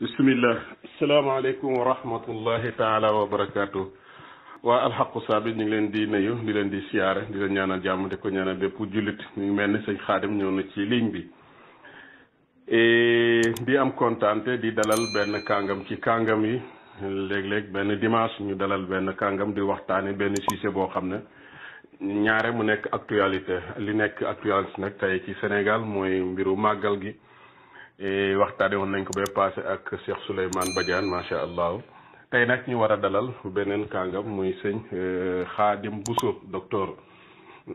bismillah salaamaaleykum wa rahmatullahi taala wa barakaatu. waa alxaqu saabi ñu ngi leen di nuyu di leen di siyaare di leen ñaanal jàmm di ko ñaanal bépp jullit ñu ngi mel ni sëñ xaadim ñëw na ci ligne bi di am kontaante di dalal benn kàngam ci kàngam yi léeg benn dimanche ñu dalal benn kàngam di waxtaane benn sujet boo xam ne ñaare mu nekk actualité li nekk actualité nag tey ci Sénégal mooy mbiru màggal gi Eh, waxtaane woon nañ ko bay passé ak Cheikh Souleymane ma macha allah tay nag ñu war a dalal beneen kàngam muy sëñ eh, Khadim Bousso docteur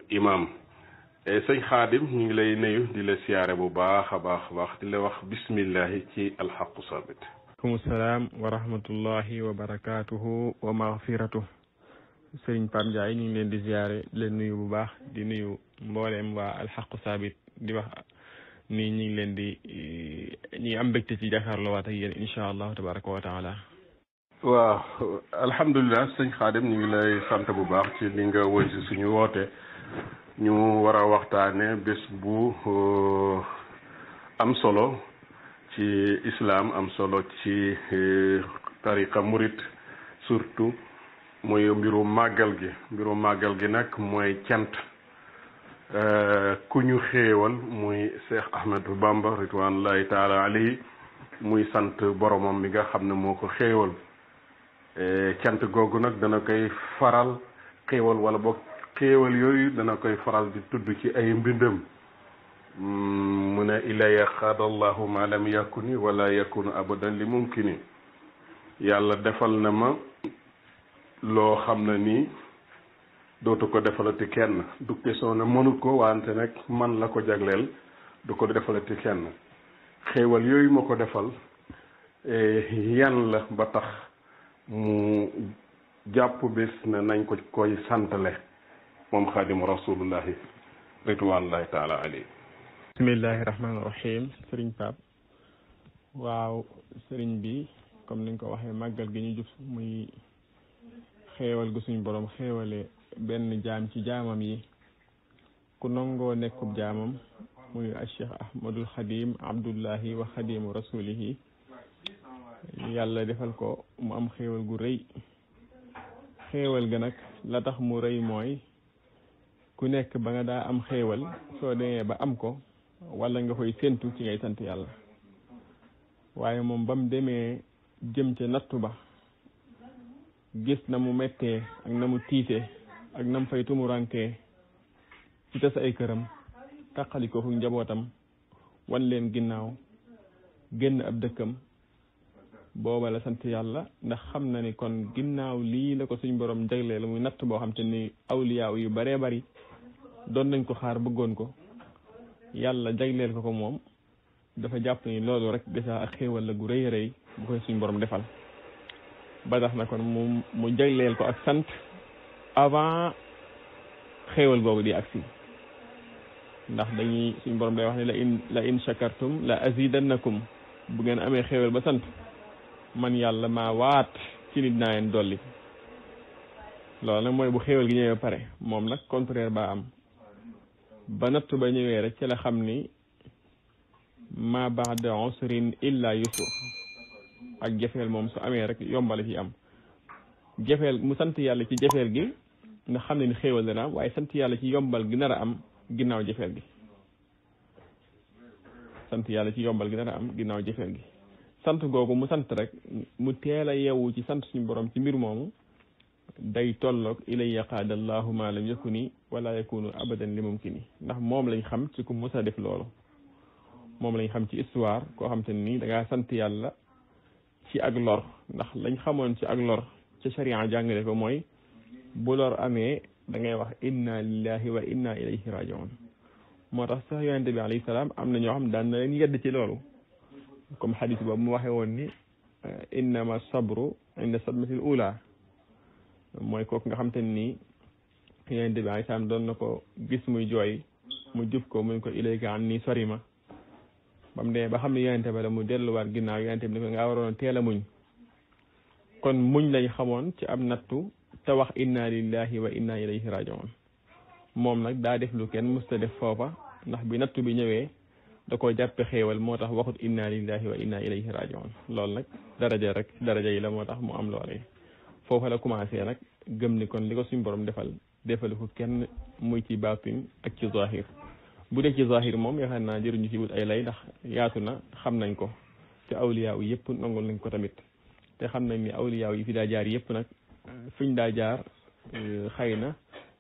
imam eh, sëñ Khadim ñu ngi lay nuyu di la siyaare bu baax a baax baax di la wax bismillahi ci alxaqu sabit aleykum salaam wa rahmatullahi wa barakaatuhu wa magfiratuh sëriñ Pape Ndiaye ñu ngi leen di siyaare di leen nuyu bu baax di nuyu mboolem waa alxaqu sabit di wax nii ñu ngi leen di eh, ñi am mbégte ci jàkkaarloo waat ak yéen incha allahu tabaraka wa taala waaw alhamdulilah sëñ Xaadim ñu lay sant bu baax ci li nga woy si suñu woote ñu war a waxtaane bés bu am solo ci islaam am solo ci e, tariqa murit surtout muy mbiru màggal gi mbiru màggal gi nag mooy cant Euh, ku ñu xéewal muy Cheikh Ahmadou Bamba ridwanullahi taala alayhi muy sant boromam bi nga xam ne moo ko xewal euh, cant googu nag dana koy faral xéewal wala boog xéewal yooyu dana koy faral di tudd ci ay mbindam hmm, mu ne ilaya xaadallahu ma yàkku ni wala yakunu abadan li mumkini yàlla defal na ma loo xam ne nii dootu ko defalati kenn du question na mënut ko wante nag man la ko jagleel du ko defalati kenn xéewal yooyu ma ko defal eh, yan la ba tax mu jàpp bés ne nañ ko koy santale moom xaadimu rasulullahi ridwanullahi taala alayhi bismillahi rahmaani rahim sëriñ Pape waaw sëriñ bi comme niñ ko waxee màggal gi ñu jub muy xéewal gu suñ borom benn jaam ci jaamam yi ku nangoo nekkub jaamam muy Cheikh Ahmadul Xadim Abdullahi wa Xadimu rasulihi yàlla defal ko mu am xéewal gu rëy xéewal ga nag la tax mu rëy mooy ku nekk ba nga daa am xéewal soo demee ba am ko wala nga koy séentu ci ngay sant yàlla waaye moom ba mu demee jëm ca nattu ba gis na mu mettee ak na mu tiitee ak nam fay tumurankee ci tas ay këram ko fu njabootam wan leen ginnaaw génn ab dëkkam booba la sant yàlla ndax xam na ni kon ginnaaw lii la ko suñ boroom jagleel la muy natt boo xam te ni awliyaaw yu baree bari doon nañ ko xaar bëggoon ko yàlla jagleel ko ko moom dafa jàpp ni loolu rek déjà ak xéewal la gu rëy rëy bu koy suñ boroom defal ba na kon mu mu jagleel ko ak sant avant xéewal boobu di ak agsi ndax dañuy suñ borom day wax ni la in la in shakartum la bu ngeen amee xéewal ba sant man yàlla ma waat ci nit naa leen dolli loolu mooy bu xéewal gi ñëwee pare moom nag contraire ba am ba nattu ba ñëwee rek ci la xam ni ma ba'da usrin illa yusur ak jafeel moom su amee rek yombale fi am jafeel mu sant yàlla ci jafeel gi na xam ne ni xéewal dana am waaye sant yàlla ci yombal gi nara am ginnaaw jëfeel gi sant ci yombal gi nar am ginnaaw jëfeel gi sant googu mu sant rek mu teel a yeewu ci sant suñu borom ci mbir moomu day tolloog ilay yaqaad allahu ma lam nii wala yakunu abadan li mumkini ndax moom lañ xam ci ku musa def loolu moom lañ xam ci histoire koo xam te nii da ngaa sant yàlla ci ak lor ndax lañ xamoon ci ak lor ca sharia jàngale ko mooy bu lor amee da ngay wax inna lillahi wa inna ilayhi rajiun moo tax sax yonente bi alayhi salaam am na ñoo xam daan na leen yedd ci loolu comme xadis boobu mu waxee woon ni eh, innama sabru inda sadmatil ula mooy kooku nga xam te ni yonente bi alayhi salaam doon na ko gis muy jooy mu jub ko mun ko ilayka an nii sori ma ba de ba xam ne yonente ba la mu delluwaat ginnaaw yonente bi ni ko ngaa waroon teel a muñ kon muñ lañ xamoon ci am nattu te wax inna lillahi wa inna ilayhi rajiun mom nak da def lu ken musta def fofa ndax bi natou bi ñewé da ko jàppe xéewal motax waxut inna lillahi wa inna ilayhi rajiun lool nak daraja rek daraja yi la motax mu am loolé fofa la commencé nak gëm ni kon liko suñu borom defal defalu ko kenn muy ci batin ak ci zahir bu dé ci zahir mom ya xana jëru ñu ci wut ay lay ndax yaatu na xam nañ ko te awliyaaw yëpp nangul nañ ko tamit te xam nañ ni awliya yi fi da jaar yëpp nak fiñ daa jaar euh, xëy na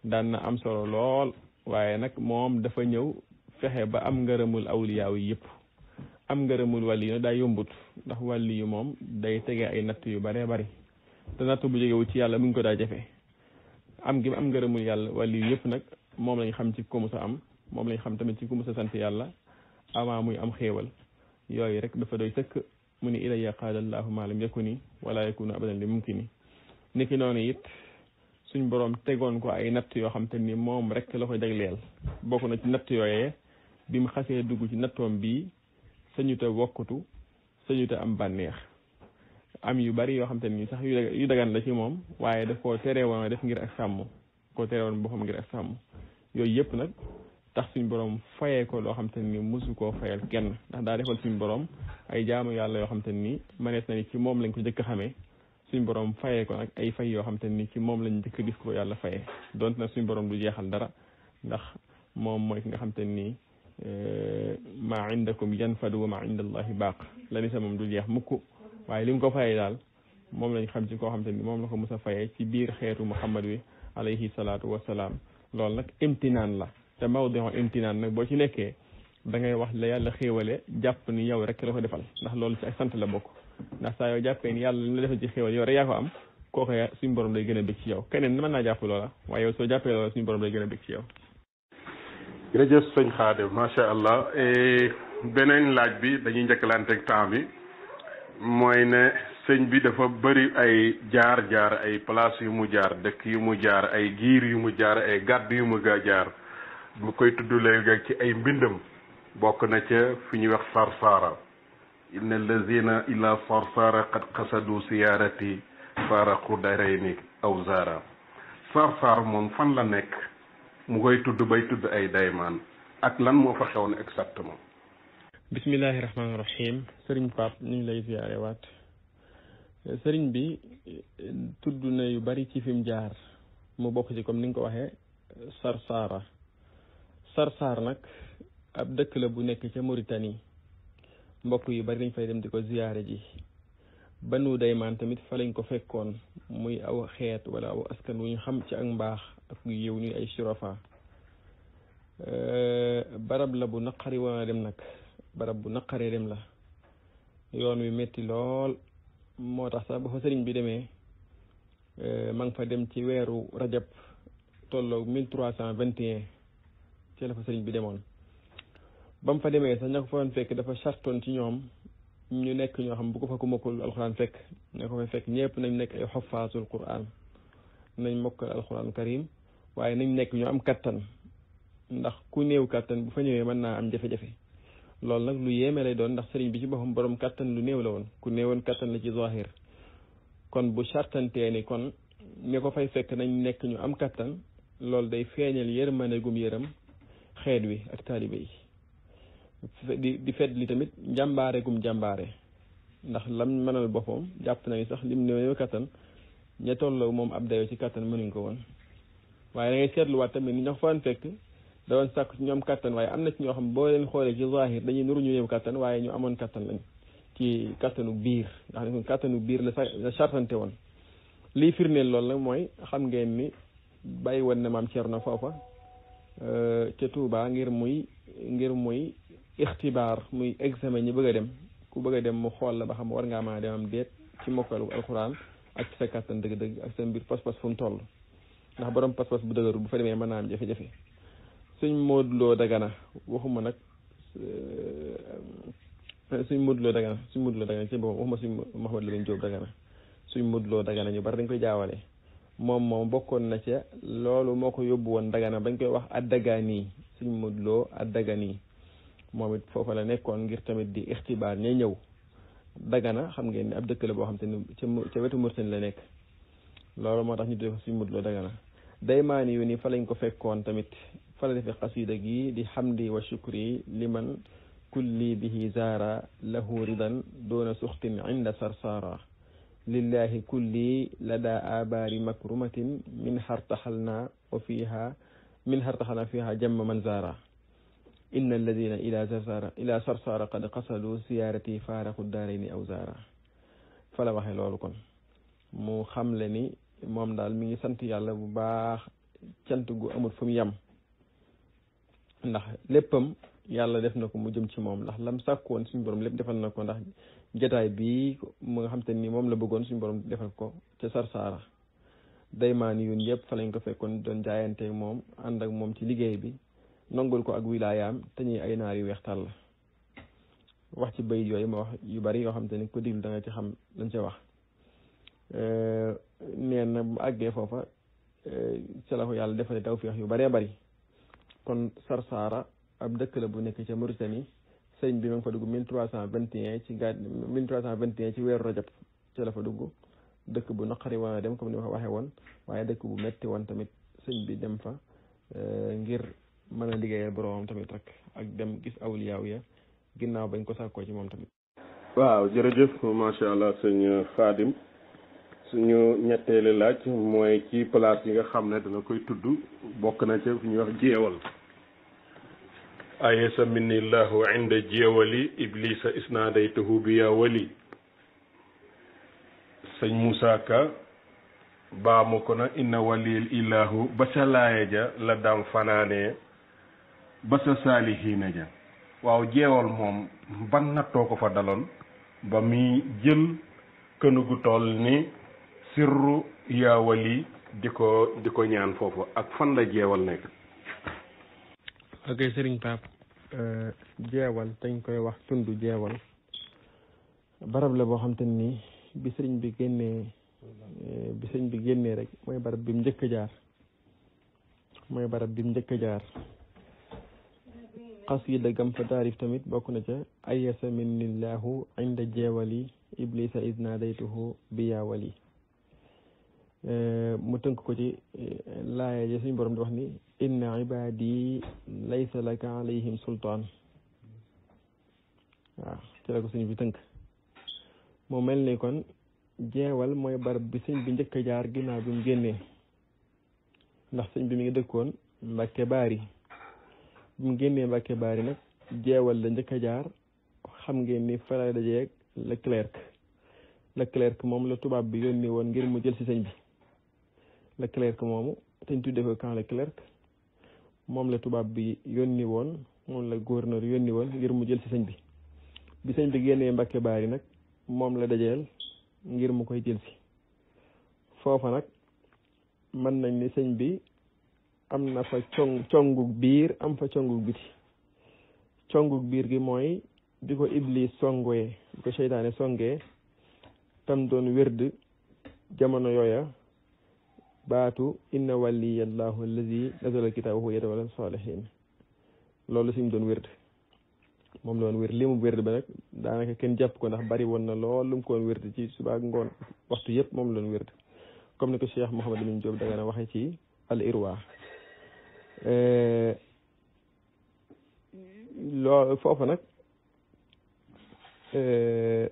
daan na am solo lool waaye nag moom dafa ñëw fexe ba am ngërëmul awliyaaw yi yëpp am ngërëmul wàlli yi daa yombut ndax wàlli yu moom day tege ay natt yu baree bari te natt bu jógewu ci yàlla mu ngi ko daa jafe am gi am ngërëmul yàlla wàlli yu yëpp nag moom lañ xam ci ku musa am moom lañ xam tamit ci ku musa sant yàlla avant muy am xéewal yooyu rek dafa doy sëkk mu ni ilaya qaala allahu ma lam yakuni wala yakunu abadan li mumkini niki noonu it suñ boroom tegoon ko ay natt yoo xam te ni moom rek la ko jagleel bokk na ci natt yooyee bi mu xasee dugg ci nattoom bii sañu te wokkutu sañu am bànneex am yu bari yoo xam te ni sax yu dagan la ci moom waaye daf koo tere woon def ngir ak sàmm koo tere woon boppam ngir ak sàmm yooyu yëpp nag tax suñ borom fayee ko loo xam te ni mosu koo fayeel kenn ndax daa defal suñ borom ay jaamu yàlla yoo xam te ni manees na ni ci moom lañ ko jëkk xamee suñ borom fayé ko nak ay fay yo xamanteni ci mom lañu dëkk gis ko yàlla fayé donte na suñ borom du jéxal dara ndax mom moy ki nga xamanteni te ni indakum yanfadu wa maa indallahi baq la ni sa moom du jéx mukk waye lim ko fayé dal mom lañu xam ci ko xamanteni mom la ko mos fayé ci biir xeetu muhammad wi alayhi salatu wa salam lool nak imtinan la te mawdi'u imtinan nak bo ci nekké da ngay wax la yàlla xéewale jàpp ni yow rek la ko defal ndax lool ci ak sant la bokk ndax saa yoo jàppee ni yàlla li la defal ci xéwal yow rek yaa ko am kooku suñu borom day gën a bëgg ci yow keneen mën naa jàpp loola waaye yow soo jàppee loola suñu borom day gën a bëgg ci yow. jërëjëf sëñ Xaadim macha allah eh, beneen laaj bi dañuy njëkkalanteeg temps bi mooy ne sëñ bi dafa bari ay jaar jaar ay place yu mu jaar dëkk yu mu jaar ay giir yu mu jaar ay gàdd yu mu gaa jaar bu koy tudd léegi ci ay mbindam bokk na ca fi ñuy wax Sarsara. إن الذين إلى صرصار قد قصدوا سيارتي فارقوا ديريني أو زارا صرصار من فن لنك مغيتو دبيتو دأي دايمان أكلان موفخون إكسابتما بسم الله الرحمن الرحيم سرين باب نيلي زياريوات سرين بي تدونا يباري تيفم جار مبوخزيكم نينكو وحي صرصار صرصار نك أبدك لبو نكي كموريتاني mbokk yu bari dañ fay dem di ko ziyaare ji banu daymaan tamit fa lañ ko fekkoon muy aw xeet wala aw askan wu ñu xam ci ak mbaax ak yiw ñuy ay surafa barab la bu naqari woon dem nag barab bu naqaree dem la yoon wi metti lool moo tax sax ba fa sëriñ bi demee ma ngi fa dem ci weeru rajab tolloo mille trois cent vingt et un ci la fa sëriñ bi demoon ba mu fa demee sax ña ko fa doon fekk dafa sartoon ci ñoom ñu nekk ñoo xam bu ko fa ko mokkul alxuraan fekk ña ko fa fekk ñëpp nañ nekk ay xofaasul quraan nañ mokkal alxuraan karim waaye nañ nekk ñu am kattan ndax ku néew kattan bu fa ñëwee mën naa am jafe loolu nag lu yéeme doon ndax sëriñ bi ci boppam borom kattan lu néew la woon ku néewoon kattan la ci zahir kon bu sartantee ni kon ñi ko fay fekk nañ nekk ñu am kattan loolu day feeñal yërmande gum yëram xeet wi ak taalibe yi di di fedd li tamit njàmbaare gum njàmbaare ndax lam mënal boppam jàpp nañu sax lim néew kattan ña tolloo moom ab dayoo ci kattan mënuñ ko woon waaye da ngay seetluwaat tamit ni ñoo faan fekk da doon sàkk ñoom kattan waaye am na ci ñoo xam boo leen xoolee ci zahir dañuy nuru ñu néew kattan waaye ñu amoon kattan lañ ci kattanu biir ndax ne kattanu biir la la sartante woon lii firndeel loolu nag mooy xam ngeen mi bàyyi woon na maam Cerno foofa euh, ca Tuubaa ngir muy ngir muy ixtibaar muy examen ñu bëgg a dem ku bëgg a dem mu xool la ba xam war ngaa mën a dem am déet ci mokkalu alxuraan ak ci sa kàttan dëgg-dëgg ak sa mbir pas-pas fu mu toll ndax borom pas-pas bu dëgëru bu fa demee mën naa am jafe-jafe suñ Modou Lo Dagana waxuma nag euh, suñ Modou Lo Dagana suñ Modou Lo Dagana ci boppam waxuma suñ Mouhamed Lamine Diop Dagana suñ Modou Lo Dagana ñu bari dañ koy jaawale moom moom bokkoon na ca loolu moo ko yóbbu woon Dagana bañ koy wax a addagaani suñ Modou Lo addagaani momit fofu la nekkon ngir tamit di ixtibaar ne ñëw dagana xam ngeen ab dëkk la bo xam tane ci wetu Mauritanie la nekk lolu moo tax ñu def suñu mudloo dagana daymaani yu ni fa lañ ko fekkon tamit fa la def qasida gi di hamdi wa shukri liman kulli bihi zara lahu ridan duna sukhtin inda sarsara لله kulli لدى آبار مكرمة من هرتحلنا وفيها من هرتحلنا فيها جم من زاره inna alladina ila sarsara ila sarsara qad qasalu siyaarati faaraxu daarayni aw zaara fa la waxe loolu kon mu xamle ni moom daal mi ngi sant yàlla bu baax cant gu amul fu mu yem ndax léppam yàlla def na ko mu jëm ci moom ndax lam sàkk woon suñu borom lépp defal na ko ndax jotaay bi mu nga xam te ni moom la bëggoon suñu borom defal ko ca sarsaara daymaan yun yëpp fa lañ ko fekkoon doon jaayante moom ànd ak moom ci liggéey bi nangul ko ak wilaayaam te ñuy ay naar yu weextaan la wax ci bayit yooyu ma wax yu bari yoo xam te ni ko diglu da ci xam lañ ca wax nee na bu àggee foofa ca la ko yàlla defale tawféex yu baree bari kon Sarsara ab dëkk la bu nekk ca Mauritanie sëñ bi ma ngi fa dugg mille trois cent vingt un ci gaa mille trois cent ci weeru rajab ca la fa dugg dëkk bu naqari woon dem comme ni ma ko waxee woon waaye dëkk bu metti woon tamit sëñ bi dem fa ngir mën a liggéeyal boroomam tamit rek ak dem gis awliyaaw ya ginnaaw bañ ko sàkkoo ci moom tamit waaw jërëjëf macha allah sëñ Xaadim suñu ñetteeli laaj mooy ci place yi nga xam ne dana koy tudd bokk na ca fi ñuy wax jeewal ayesa minillahu inda jeewali iblisa isnaadaytahu bi yaa wali sëñ Moussa Ka baamu ko na inna walil illahu ba ca laaya ja la daam fanaanee ba sa saalihiina ja waaw jeewal moom ban nattoo ko fa daloon ba muy jël kënu gu tool ni sirru yaawali di ko di ko ñaan foofu ak fan la jeewal nekk ok sëriñ Paap euh, jeewal dañ koy wax tund jeewal barab la boo xam te nii bi sëriñ bi génnee euh, bi sëriñ bi génnee rek mooy barab bi mu njëkk jaar mooy barab bi mu njëkk jaar xasida gam fa taarif tamit bokk na ca ayasa minnillahu inda jeewali iblisa isnadaytuhu biyaawali eh, mu tënk ko ci eh, laaya ja suñu borom di wax ni inna ibadi laysa laka alayhim sultaan waaw ko suñu bi tënk mu mel ni kon jeewal mooy barab bi sëñ bi njëkk jaar ginnaaw bi mu génnee ndax sëñ bi mi ngi dëkkoon Mbàkke Baari mu génnee Mbàkke Baari nag jeewal la njëkk jaar xam ngeen ni fa la dajeeg Leclerc moom la tubaab bi yónni woon ngir mu jël si sëñ bi Leclerc moomu te ñu tuddee ko moom la tubaab bi yónni woon moom la gouverneur yónni woon ngir mu jël si sëñ bi bi sëñ bi génnee Mbàkke Baari nag moom la dajeel ngir mu koy jël si foofa nag mën nañ ni sëñ bi am na fa cong congu biir am fa congug biti congug biir gi mooy bi ko iblis songoyee bi ko seytaane songee tam doon wérd jamono yooya baatu inna waliyallahu allazi nazala kitaaba huwa yatawalla salihin loolu si doon wérd moom la woon wér li mu wérd ba nag daanaka kenn jàpp ko ndax bari woon na loolu mu ko woon ci suba ak ngoon waxtu yëpp moom la doon wérd comme ni ko Cheikh Mouhamed Lamine Diop Dagana waxee ci al irwa Eh, loo foofu nag eh,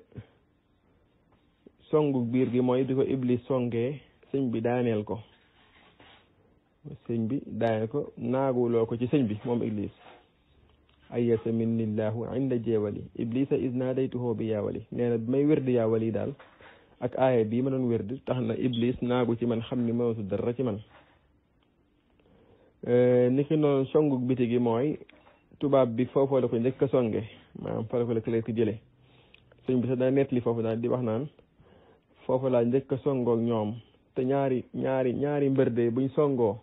songu biir gi mooy di ko iblis songee sëñ bi daaneel ko sëñ bi daaneel ko naaguloo ko ci sëñ bi moom iblis ayasa minnillahu inda jeewali iblisa is naadaytuhoo bi yaawali nee na bi may wérdi yaawali daal ak aaya bii ma doon wérdi tax na iblis naagu ci man xam ni mënatu dara ci man Euh, ni ki noonu songu biti gi mooy tubaab bi foofoo la ko njëkk a songe maanaam fa la ko lekk jële sëñ bi sax dana nettali foofu daal di wax naan foofu laa njëkk a songoog ñoom te ñaari ñaari ñaari mbër de buñ songoo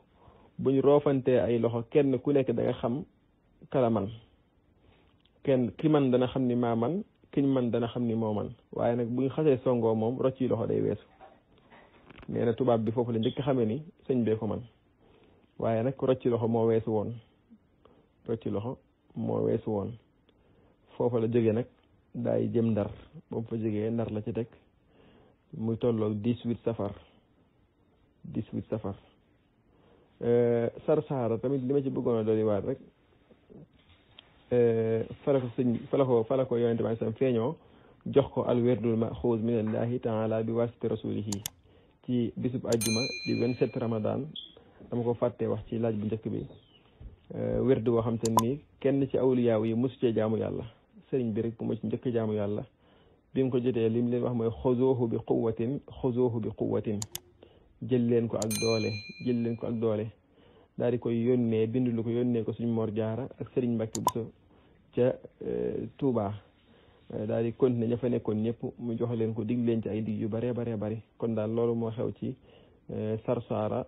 buñ roofantee ay loxo kenn ku nekk da xam kala kenn ki man dana xam ni maa man kiñ man dana xam ni moo man waaye nag buñ xasee songoo moom rocci loxo day weesu nee na tubaab bi foofu la njëkk xamee ni sëñ bee ko man waaye nag rocci loxo moo weesu woon rocci loxo moo weesu woon foofa la jógee nag daay jëm ndar ba mu fa jógee ndar la ci teg muy tolloog dix-huit safar dix-huit safar eh, Sarsara tamit li ma ci bëggoon a rek eh, fala ko sëñ fala ko fala ko sam feeñoo jox ko al wirdul maxuuz minallahi taala bi wasiti rasulihi ci bisub ajjuma di vingt-sept ramadan dama ko fàttee wax ci laaj bu njëkk bi euh, wérd boo xam te ni kenn ci awliyaaw yi mosu cee yàlla sëriñ bi rek ci njëkk jaamu yàlla bi ko jotee li mu leen wax mooy xuzoohu bi quwwatin xuzoohu bi quwwatin jël leen ko ak doole jël leen ko ak doole daal di koy yónnee bindu lu ko yónnee ko suñu Mor Jaara ak sëriñ Mbàkke Buso ca euh, Tuubaa euh, daal di continuer ña fa nekkoon ñëpp mu jox leen ko dig leen ci ay dig yu baree baree bari kon daal loolu moo xew ci Sarsara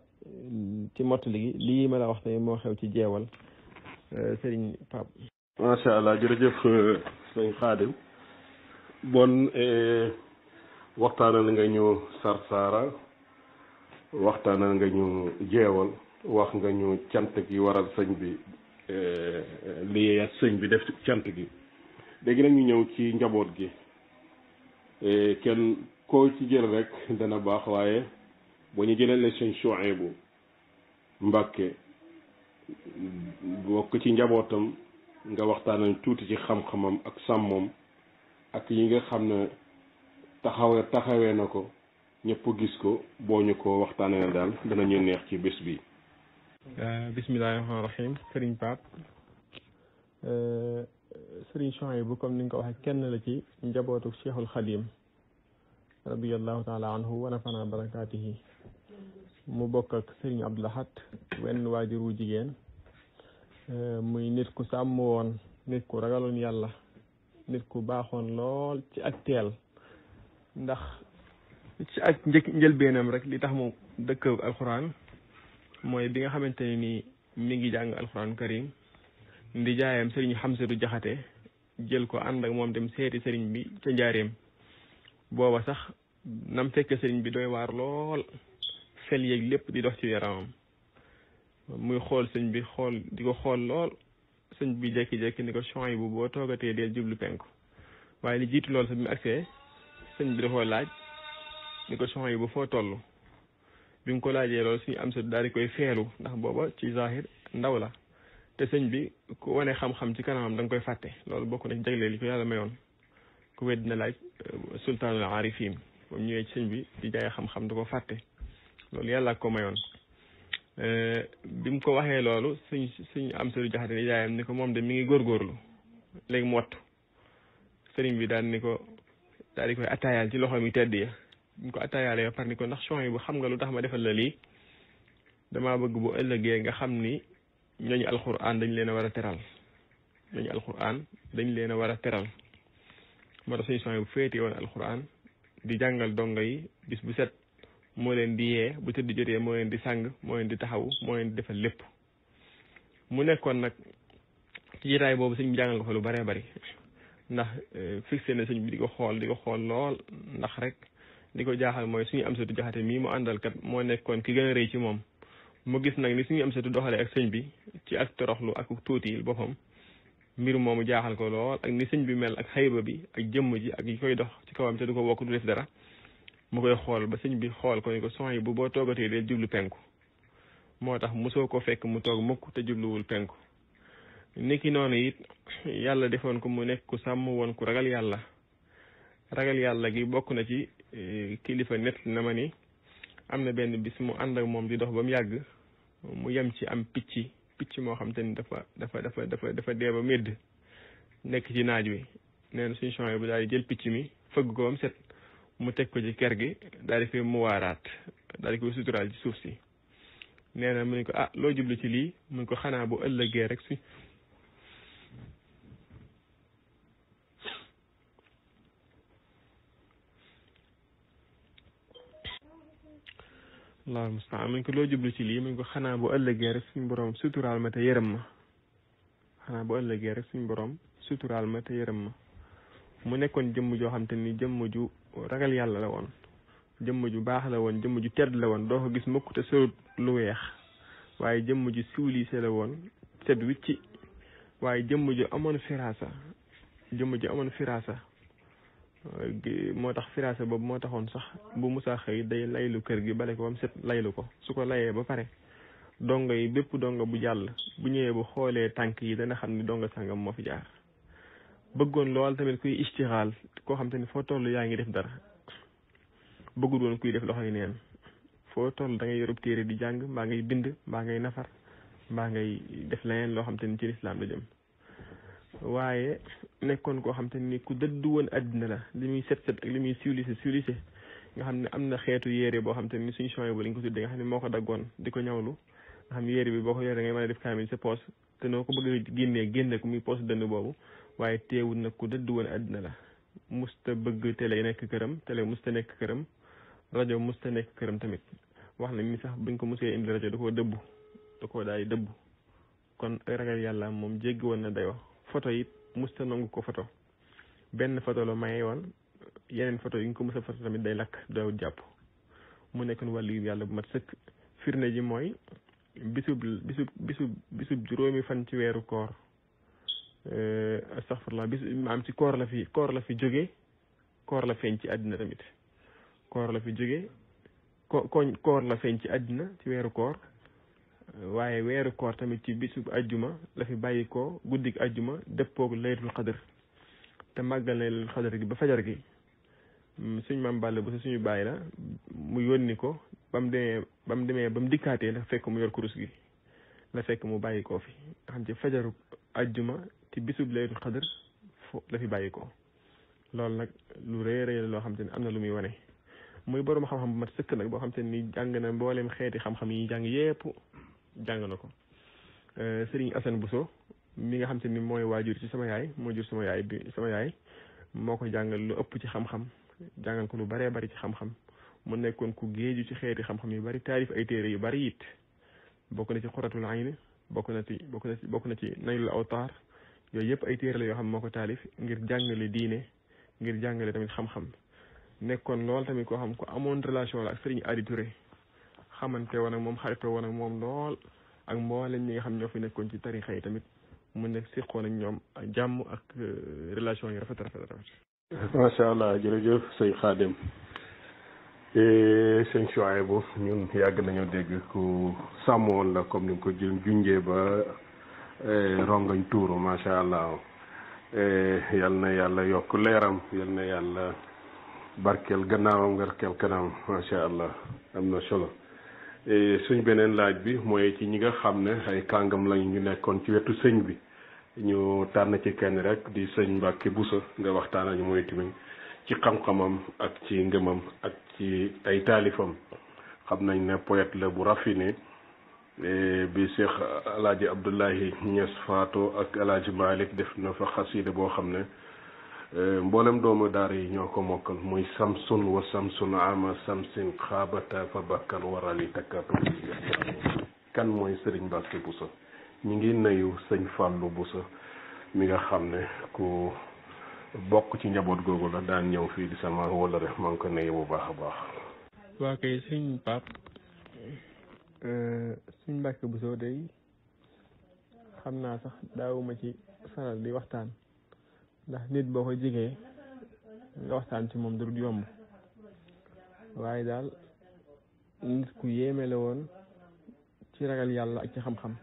ci mottali gi lii ma la wax tey moo xew ci jeewal euh, Serigne Pape. macha allah jërëjëf euh, sëñ Xaadim bon euh, waxtaanal nga ñu Sarsara waxtaanal nga ñu jeewal wax nga ñu cant gi waral sëñ bi lii sëñ bi def cant gi léegi nag ñu ñëw ci njaboot gi kenn koo ci jël rek dana baax waaye. boo ñu jëlee jëlalee sëñ Suwaybu Mbàkke bokk ci njabootam nga waxtaanal tuuti ci xam-xamam ak sàmmoom ak yi nga xam ne taxawe taxawee na ko ñëpp gis ko boo ñu ko waxtaanee daal ñu neex ci bés bi. Euh, bismillahi rahmaani rahim Serigne Pape euh, Serigne Souhaïbou comme ni nga ko waxee kenn la ci njabootu Cheikhul Khadim radiyallahu taala anhu wa nafana barakaatihi mu bokk ak Serigne Abdou Lahad wenn waajur wu jigéen euh, muy nit ku sàmm woon nit ku ragaloon yàlla nit ku baaxoon lool ci ak teel ndax ci ak njëkk njëlbeenam rek li tax mu dëkk alxuraan mooy bi nga xamante ne nii mi ngi jàng alxuraan karim ndi jaayam xam Serigne Xamsatu Jaxate jël ko ànd ak moom dem seeti sëriñ bi ca njaareem booba sax nam fekke Serigne bi doy waar lool sel yeeg lépp di dox ci yaramam muy xool sëñ bi xool di ko xool lool sëñ bi jekki-jekki ni ko yi bu boo toogatee deel jublu penku waaye li jiitu lool sa bi mu agsee sëñ bi dafa laaj ni ko yi bu foo toll bi ko laajee lool suñu am daal di koy feelu ndax booba ci zahir ndaw la te sëñ bi ku wane xam-xam ci kanamam da koy fàtte loolu bokk na ci li yi ko yàlla mayoon ku wedd na laaj euh, sultaanul arifin moom ñëwee ci sëñ bi di jaay xam-xam da ko fàtte loolu yàlla ko mayoon eh, bi mu ko waxee loolu suñ suñ am selu jaxate ni yaayam ni ko moom de mi ngi góorgóorlu léegi mu wattu sëriñ bi daal ni ko daal di koy ci loxo mi tedd ya bi mu ko attaayaale par ni ko ndax chong bu xam nga lu tax ma defal la lii damaa bëgg bu ëllëgee nga xam ni ñooñu alxuraan dañ leen a war a teral ñooñu alxuraan dañ leen a war a teral moo tax suñu chong bu féete woon alxuraan di jàngal dongo yi bis bu set moo leen di yee bu tëdd jotee moo leen di sàng moo leen di taxaw moo leen di defal lépp mu nekkoon nag ci jitaay boobu sëñ bi jàngal ko fa lu bëree bëri ndax euh, fixé na sëñ bi di ko xool di ko xool lool ndax rek di ko jaaxal mooy suñu am satu jaxate mii mu àndalkat moo nekkoon ki gën a rëy ci moom mu gis nag ni suñu am satu doxale ak sëñ bi ci ak toroxlu ak tuuti boppam mbir moomu jaaxal ko lool ak ni sëñ bi mel ak xayba bi ak jëmm ji ak yi koy dox ci kawam te du ko wokk du dara mu koy xool ba sëñ bi xool ko ni ko son yi bu boo toogatee dee jublu penku moo tax mosoo ko fekk mu toog mukk te jubluwul penku ki noonu it yàlla defoon ko mu nekk ku sàmm woon ku ragal yàlla ragal yàlla gi bokk na ci eh, kilifa nett na ma ni am na benn bis mu ànd ak moom di dox ba mu yàgg mu yem ci am picc picc moo xam te ni dafa dafa dafa dafa dafa dee ba médd nekk ci naaj wi nee na son yi bu daal jël picc mi fëgg ko ba mu set mu teg ko ci ker gi daal di koy muwaaraat daal di koy suturaal ci suuf si nee na mu ne ko ah, loo jublu ci lii mu ne ko xanaa bu ëllëgee rek si Allahu ko loo jublu ci lii mu ko xanaa bu ëllëgee rek suñu borom suturaal ma te yërëm ma xanaa bu ëllëgee rek suñu borom suturaal ma te yërëm ma mu nekkoon jëmm joo xam te ni jëmm ju ragal yàlla la woon jëmm ju baax la woon jëmm ju tedd la woon doo ko gis mukk te sorut lu weex waaye jëmm ju siwliise la woon set wicci waaye jëmm ju amoon firaasa jëmm ju amoon firaasa moo tax firaasa boobu moo taxoon sax bu musaa xëy day laylu kër gi bale ko set laylu ko su ko layee ba pare dongo yi bépp dongo bu jàll bu ñëwee bu xoolee tànk yi dana xam ni dongo sàngam moo fi jaar bëggoon loolu tamit kuy istixaal koo xam te ni foo toll yaa ngi def dara bëggul woon kuy def loxo yi neen foo toll da yorub téere di jàng mbaa ngay bind mbaa ngay nafar mbaa ngay def neen loo xam te ni ci lislaam la jëm waaye nekkoon koo xam te ni ku dëdd woon àddina la li muy set set ak li muy siwlise siwlise nga xam ne am na xeetu yére boo xam te ni suñu changé bu lañ ko tuddee xam ne moo ko daggoon di ko ñawlu nga xam yére bi boo ko yoree ngay mën def kaamil sa poos te noo ko bëgg génnee génne muy poos dënn boobu waaye teewul nag ko dëdd woon àddina la musta bëgg télé nekk këram télé musta nekk këram rajo musta nekk këram tamit wax nañ mi sax buñ ko mosee indi rajo da koo dëbbu da koo daay dëbbu kon ragal yàlla moom jéggi woon na dayoo photo yi musta nangu ko foto benn photo la maye woon yeneen photo yi ñu ko mos a photo tamit day lakk dawut jàpp mu nekkoon wàllu yu yàlla bu mat sëkk firnde ji mooy bisub bisub bisub bisub juróomi fan ci weeru koor Euh, astaghfirullah bis maam ci koor la fi koor la fi jóge koor la feeñ ci àddina tamit koor la fi jóge ko koor la feeñ ci àddina ci weeru koor waaye weeru koor tamit ci bisu ajjuma la fi bàyyi ko guddik ajjuma dëppoog laylatul xadar te màggal laylatul xadar gi ba fajar gi mm, suñ maam Balla bu suñu bàyyi la mu yónni ko ba mu demee ba mu demee ba mu dikkaatee la fekk mu yor kurus gi la fekk mu bàyyi koo fi xam ci fajaru ajjuma ci bisub laylatul xadr fo la fi bàyyi ko loolu nag lu rëy rëy loo xam te ne am na lu muy wane muy borom xam-xam bu mat sëkk nag boo xam te ni jàng na mboolem xeeti xam-xam yi jàng yépp jàng na ko euh, Serigne bu so mi nga xam te ni mooy waajur ci sama yaay moo jur sama yaay bi sama yaay moo ko jàngal lu ëpp ci xam-xam jàngal ko lu baree bari ci xam-xam mu nekkoon ku géeju ci xeeti xam-xam yu bari taarif ay téere yu bari it bokk na ci xoratul ayn bokk na ci bokk na bokk na ci naylul awtaar yooyu yëpp ay téere la yoo xam moo ko taalif ngir jàngale diine ngir jàngale tamit xam-xam nekkoon lool tamit ko xam ko amoon relation la ak Serigne Adi Touré xamante woon ak moom xaritoo woon ak moom lool ak mboolem ñi nga xam ñoo fi nekkoon ci tarixa yi tamit mu nekk siqoon ak ñoom jàmm ak euh, relation yi rafet rafet rafet. macha allah jërëjëf sëñ Xaadim eh, sëñ Chouaïbou ñun yàgg nañoo dégg ku sàmmoon la comme ni ko jël ba. Eh, rongañ tuuru macha allah eh, yal na yàlla yokk leeram yal na yàlla barkeel gannaawam barkeel kanam macha allah am na solo eh, suñ beneen laaj bi mooy ci ñi nga xam ne ay kàngam lañu ñu nekkoon ci wetu sëñ bi ñu tànn ci kenn rek di sëñ Mbàkke Buso nga waxtaan ak mooy tamit ci xam-xamam ak ci ngëmam ak ci ay taalifam xam nañ ne poète la bu raffiné Eh, bi Cheikh alaaji Abdoulahi Niass faatoo ak alaaji Malick def na fa xasida boo xam ne eh, mboolem doomu daar yi ñoo ko mokkal muy samsun wa samsun ama samsin xaabata fa bakkan warali takkatu kan mooy sëriñ Mbàkke Buso ñi ngi nuyu sëñ Fàllu Buso mi nga xam ne ku bokk ci njaboot googu la daan ñëw fii di sama wala rek maa ko nuyu bu baax a baax Euh, suñ Mbàkke Buso day xam naa sax daawuma ci faral di waxtaan ndax nit boo ko jegee nga waxtaan ci moom du yomb waaye daal nit ku yéeme la woon ci ragal yàlla ak ci xam-xam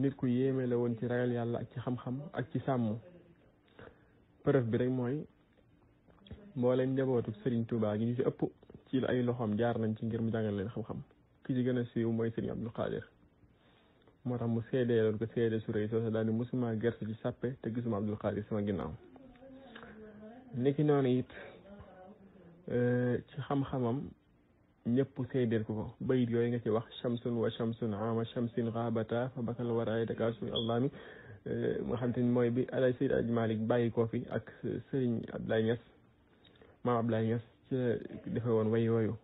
nit ku yéeme la woon ci ragal yàlla ak ci xam-xam ak ci sàmm preuve bi rek mooy mbooleem njabootu Sëriñ Tuubaa gi ngi ci ëpp ci ay loxoom jaar nañ ci ngir mu jàngal leen xam-xam ki ci gën a siiw mooy sëriñ Abdul Xaadir moo tax mu seedee loon ko seede su rëy soo sa daal musuma gerte ci sàppe te gisuma Abdul Xaadir sama ginnaaw niki noonu it e, ci xam-xamam ñëpp seedeel ko ko bayit yooyu nga ci wax shamsun wa shamsun ama shamsin xaabata fa bakal waraay dakaasu allah mi e, nga xam te ni mooy bi alay Seyd Aj bàyyi koo fi ak sëriñ Abdoulaye Niass maam Abdoulaye Niass ci la woon way yooyu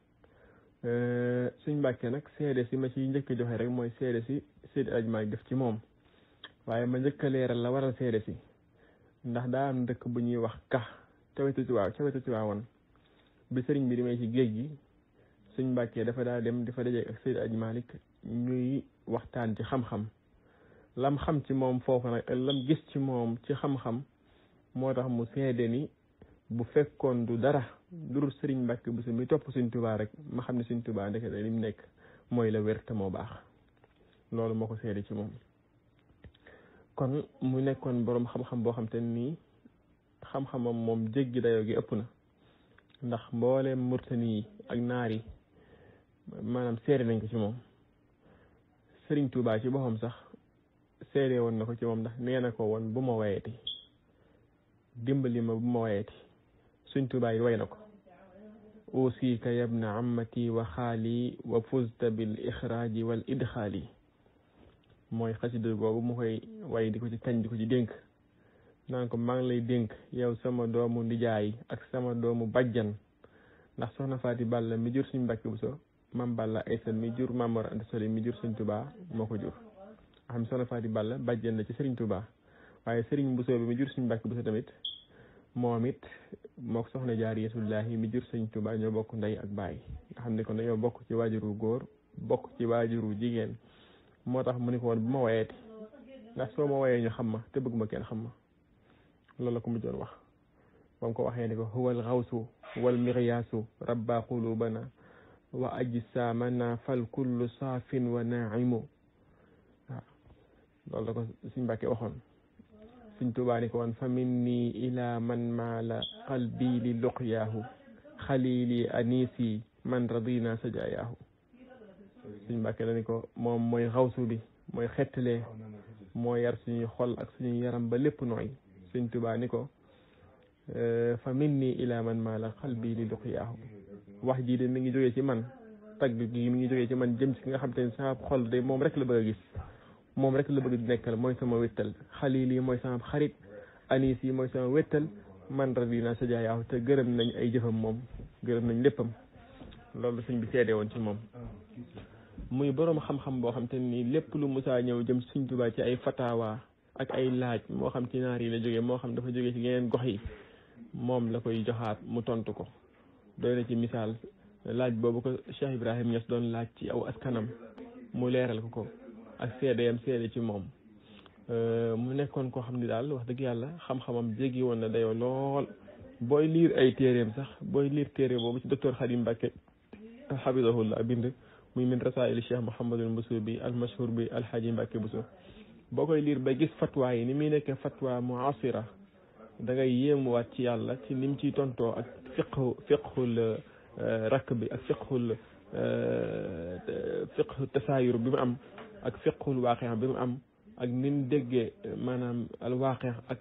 Euh, suñ mbàkkee nag seede si ma ciy njëkk joxe rek mooy seede si Seydi Aj def ci moom waaye ma njëkk a leeral la waral seede si ndax daa am dëkk bu ñuy wax ka ca wetu ci waaw ca wetu ci waawoon bi sëriñ bi di may ci géej gi suñ mbàkkee dafa daa dem di fa dajeeg ak Seydi Aj ñuy waxtaan ci xam-xam lam xam ci moom foofu nag lam gis ci moom ci xam-xam moo tax mu seede ni bu fekkoon du dara lurul sëriñ Mbàkke Buso mi topp suñ Tuubaa rek ma xam ne suñ Tuubaa ndeke li mu nekk mooy la wér te moo baax loolu moo ko seere ci moom kon mu nekkoon boroom xam-xam boo xam te nii xam-xamam moom jéggi dayoo gi ëpp na ndax mbooleem murtani yi ak naar yi maanaam seede nañ ko ci moom Sëriñ Tuubaa ci boppam sax seede woon na ko ci moom ndax nee na ko woon bu ma wayeti dimbali ma bu ma wayeti Sëriñ Tuubaa yi way na ko usika yabna ammati wa xaali wa fusta bil ixraaji wal idxaali mooy xasida boobu mu koy way di ko ci tañ di ko ci dénk naan ko maa ngi lay dénk yow sama doomu nijaay ak sama doomu bajjan ndax soxna Faati Balla mi jur suñ Mbàkke Buso mam Balla Aysan mi jur Maam Mor Anta Sali mi jur Sëriñ Tuubaa moo ko jur xam soxna Faati Balla bajjan na ci Sëriñ tubaa waaye Sëriñ Buso bi mi jur suñ Mbàkke Buso tamit moom it mook soxna jaariyatullahi mi jur sëñ Tuubaa ñoo bokk ndey ak baay nga xam ne kon dañoo bokk ci waajuru góor bokk ci waajuru jigéen moo tax mu ni ko bu ma wayeeti ndax soo ma wayee xam ma te bëgguma ma kenn xam ma lool la ko mujjoon wax ba ko waxee ni ko huwal xawsu wal miryaasu rabba qulubana wa ajsamana fal kullu saafin wa naimu waaw la ko suñ Mbàkke waxoon suñ Tuubaa ni ko woon fa minni ila man maala qalbi li luqyaahu xalili anisi man radina sajaayahu Sëñ Mbàkke la ni ko moom mooy xawsu bi mooy xettalee moo yar suñuy xol ak suñuy yaram ba lépp nooy Sëñ Tuubaa ni ko eh, fa minni ila man maala qalbi li luqyaahu wax jii de mi ngi jógee ci man tagg gi mi ngi jógee ci man jëm ci ki nga xam te ne sa xol de moom rek la ba gis moom rek la bëgg di nekkal mooy sama wéttal xalil yi mooy sama xarit anis yi mooy sama wéttal man radina sadia yaaw te gërëm nañ ay jëfam moom gërëm nañ léppam loolu sëñ bi seede woon ci moom muy boroom xam-xam boo xam te nii lépp lu musaa ñëw jëm suñ Tuubaa ci ay fatawa ak ay laaj moo xam ci naar yi la jógee moo xam dafa jóge ci yeneen gox yi moom la koy joxaat mu tontu ko doy na ci misaal laaj boobu ko Cheikh Ibrahim Niass doon laaj ci aw askanam mu leeral ko ko ak seede yam seede ci moom mu nekkoon koo xam ni daal wax dëgg yàlla xam-xamam jéggi woon na dayoo lool booy liir ay téeréem sax booy liir téere boobu ci docteur Khadim Mbacke xabidahullah bind muy min rasaili cheikh Mouhamadul Bousso bi al mashhur bi alxaaji Mbacke Bousso boo koy liir ba gis fatwa yi ni muy nekkee fatwa muasira da ngay yéemuwaat ci yàlla ci nim ciy tontoo ak fiqhu fiqhul rakk bi ak fiqhul fiqhu tasaayur bi mu am ak fiqhul waaqix bi mu am ak nim déggé manam al waaqix ak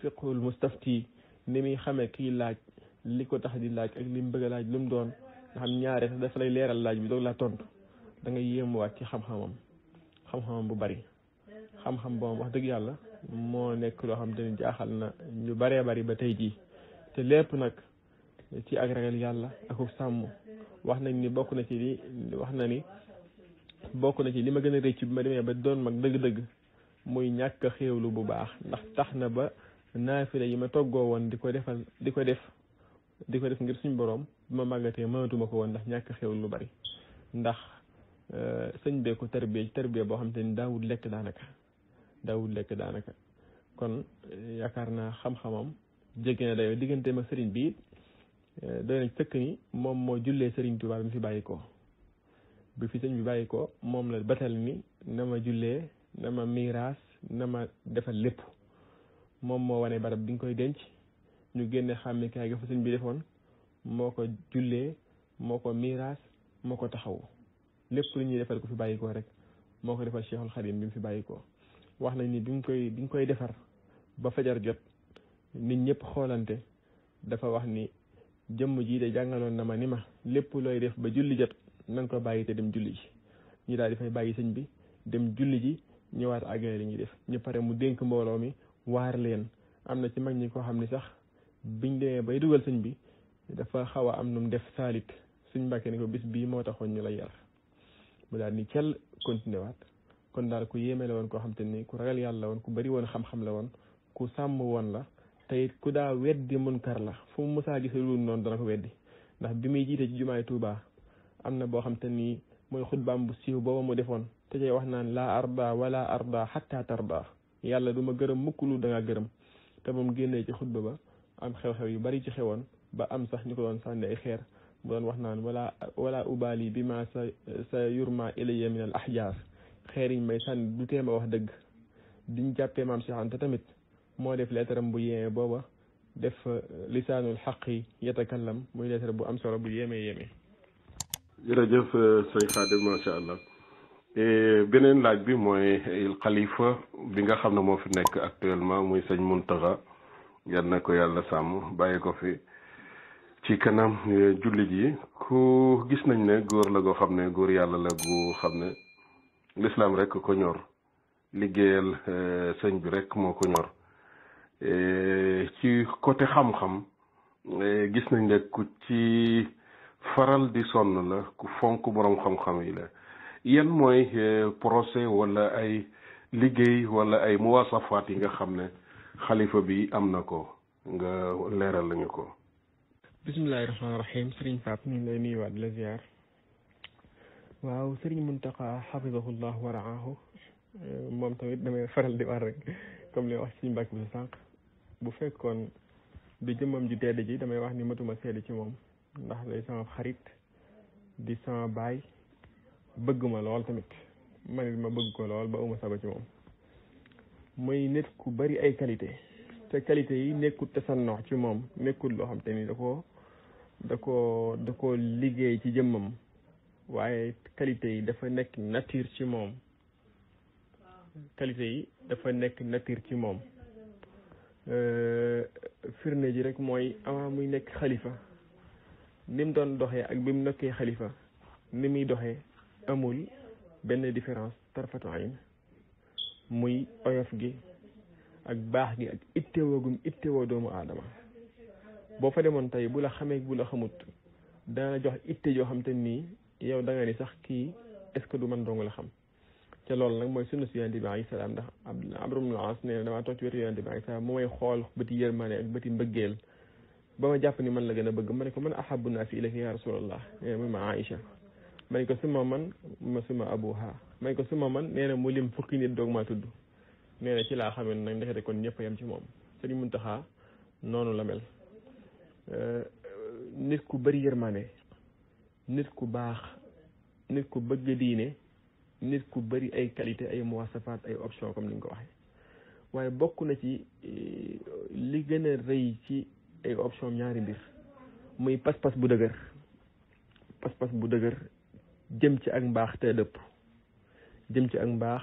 fiqhul mustafti nimi xamé ki laaj liko tax di laaj ak li mu bëgg laaj lu doon nga xam ñaare sax dafa lay léral laaj bi doog la tontu da nga yému wat ci xam-xamam xam-xamam bu bari xam-xam bo wax deug yàlla mo nek lo xam dañu ni jaaxal na ñu bare bari ba tay ji te lépp nak ci ak ragal yàlla ak sàmm wax nañ ni bokku na ci li wax na ni bokk na ci li ma gën a rëcc bi ma demee ba doon mag dëgg-dëgg muy ñàkk a xéewlu bu baax ndax tax na ba naafila yi ma toggoo woon di ko defal di ko def di ko def ngir suñ boroom bi ma màggatee mënatuma ko woon ndax ñàkk a xéewlu lu bari ndax euh, sëñ bee ko tarbie ci tarbie boo xam te ni daawul lekk daanaka daawul lekk daanaka kon yaakaar naa xam-xamam jege na dayoo diggante ma sëriñ bi euh, doy na ci tëkk ni moom moo jullee sëriñ Tuubaa bi mu fi bàyyi ko bi fi sëñ bi bàyyi ko moom la batal ni na ma jullee na ma miiraas na ma defal lépp moom moo wane barab bi nga koy denc ñu génne xàmmikaay ga fa sëñ bi defoon moo ko jullee moo ko miiraas moo ko taxaw lépp lu ñuy defar ko fi bàyyi rek moo ko defal Cheikhul Khadim bi fi bàyyikoo wax nañ ni bi mu koy bi ñu koy defar ba fajar jot nit ñëpp xoolante dafa wax ni jëmm jii de jàngaloon na ma ni ma lépp looy def ba julli jot nañ ko bàyyi te dem julli ji ñu daal di fay bàyyi sëñ bi dem julli ji ñëwaat àggale li ñuy def ñu pare mu dénk mbooloo mi waar leen am na ci mag ñi koo xam ni sax biñ demee bay dugal sëñ bi dafa xaw a am nu mu def saalit suñ mbàkkee ni ko bis bii moo taxoon ñu la yar mu daal ni cel continué waat kon daal ku yéeme la woon koo xam te ni ku ragal yàlla la woon ku bari woon xam-xam la woon ku sàmm woon la tey ku daa weddi munkar la fu mu musaa gise lu noonu dana ko weddi ndax bi muy jiite ci am na boo xam te ni mooy xutbaam bu siiw booba mu defoon te cay wax naan laa arda wala arda xatta tarda yàlla du ma gërëm mukk da ngaa gërëm te moom génnee ci xutba ba am xew-xew yu bari ci xewoon ba am sax ñu ko doon sànni ay xeer mu doon wax naan wala wala ubali bima sa sa yurma ilayya min al ahjar xeer yi may sànni du teema wax dëgg diñ jàppee maam Cheikh Anta tamit moo def lettre bu yéeme booba def lisanul xaqi yatakallam muy lettre bu am solo bu yeme yeme jërëjëf euh, sëñ Xaadim macha allah beneen laaj bi mooy xalifa bi nga xam ne moo fi nekk actuellement muy sañ Muntaxa yal na ko yàlla sàmm bàyyi ko fi ci kanam euh, jullit yi ku gis nañ ne góor la goo xam ne góor yàlla la gu xam ne lislaam rek ko ñor liggéeyal euh, sëñ bi rek moo ko ñor ci côté xam-xam gis nañ ne ku ci faral di sonn la ku fonk boroom xam-xam yi la yan mooy euh, procès walla ay liggéey walla ay muwaasafaat yi nga xam ne xalifa bi am na ko nga leeral lañu ko bismillaahi rahmaani rahiim sëriñ Faat ñu lay nuyuwaat waaw sëriñ Muntaqa xafidahullah waraahu euh, moom tamit damay faral di war rek comme li wax suñu mbàkk bi sànq bu fekkoon du jëmmam ju tedd ji damay wax ni matuma seede ci moom ndax day sama xarit di sama baay bëgg ma lool tamit man it ma bëgg ko lool ba uma sago ci moom muy nit ku bari ay qualité te qualité yi nekkul te sannoox ci moom nekkul loo xam te ni da ko da ko da ko liggéey ci jëmmam waaye qualité yi dafa nekk nature ci moom qualité yi dafa nekk nature ci moom euh, firnde ji rek mooy avant muy nekk xalifa ni mu doon doxee ak bi mu nekkee xalifa ni muy doxee amul benn différence tarfatu ayn muy oyof gi ak baax gi ak ittewoo gum ittewoo doomu aadama boo fa demoon tey bu la xamee bu la xamut daana jox itte yoo xam te nii yow da nga ni sax kii est-ce que du man dong la xam te loolu nag mooy sunna si yonente bi alayhi salaam ndax Amru ibn al-As nee na ci wetu yonente bi alayhi salaam mu may xool bëti yërmande ak bëti mbëggeel ba ma jàpp ni man la gën a bëgg ma ne ko man ahabu naasi ilayka ya rasulallah nee na ma ma ne ko suma man ma suma abuha ma ne ko suma man nee na mu lim fukki nit doog maa tudd nee ci laa xamee nag ndekete kon ñëpp yam ci moom sëriñ Muntaxa noonu la mel nit ku bëri yërmande nit ku baax nit ku bëgg diine nit ku bëri ay qualité ay muwasafaat ay option comme ni nga ko waxee waaye bokk na ci li gën a rëy ci ay option ñaari mbir muy pas-pas bu dëgër pas-pas bu dëgër jëm ci ak mbaax te dëpp jëm ci ak mbaax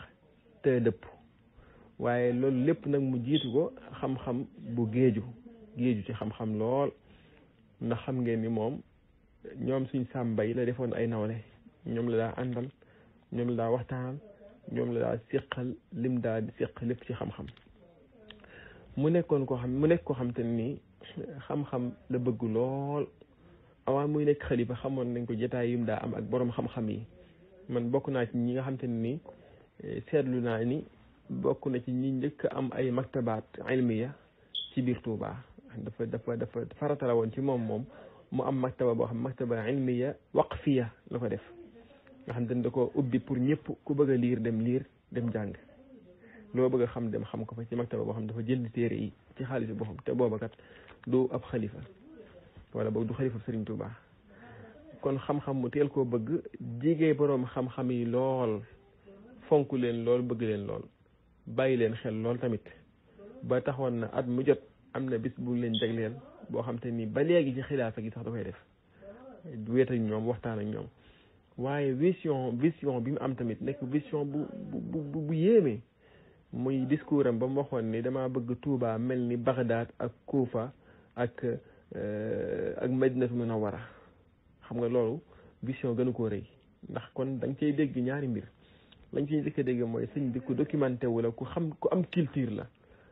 te dëpp waaye loolu lépp nag mu jiitu ko xam-xam bu géeju géeju ci xam-xam lool ndax xam ngeen ni moom ñoom suñ sàmba yi la defoon ay nawle ñoom la daa àndal ñoom la daa waxtaan ñoom la daa siqal lim daa di siq lépp ci xam-xam mu nekkoon koo xam mu nekk koo xam te ni xam-xam la bëgg lool avant muy nekk xalifa xamoon nañ ko jotaay yum daa am ak borom xam-xam yi man bokk naa ci ñi nga xamante te ne ni seetlu naa ni bokk na ci ñi njëkk am ay maktabaat ilmiya ci biir Touba dafa dafa dafa farata la woon ci moom moom mu am maktaba boo xam maktaba ilmiya waqfiya la ko def nga xam te da ko ubbi pour ñëpp ku bëgg a liir dem liir dem jàng loo bëgg a xam dem xam ko fa ci maktaba boo xam dafa jënd téere yi ci xaalisu boppam te booba kat du ab xalifa wala boog du xalifa sëriñ Tuuba kon xam-xam mu teel koo bëgg jigee boroom xam-xam yi lool fonk leen lool bëgg leen lool bàyyi leen xel lool tamit ba taxoon na at mu jot am na bis bu leen jagleel boo xam te ni ba léegi ci xilaafa gi sax da koy def wéet ak ñoom waxtaan ak ñoom waaye vision vision bi mu am tamit nekk vision bu bu bu bu yéeme muy discours am ba mu waxoon ni dama bëgg Touba mel ni Bagdad ak kuufa ak euh, ak Madinatu Munawwara xam nga loolu vision gënu ko rëy ndax kon da nga dégg ñaari mbir lañ ciy njëkk a dégg mooy sëñ bi ku documenté wala ku xam ku am culture la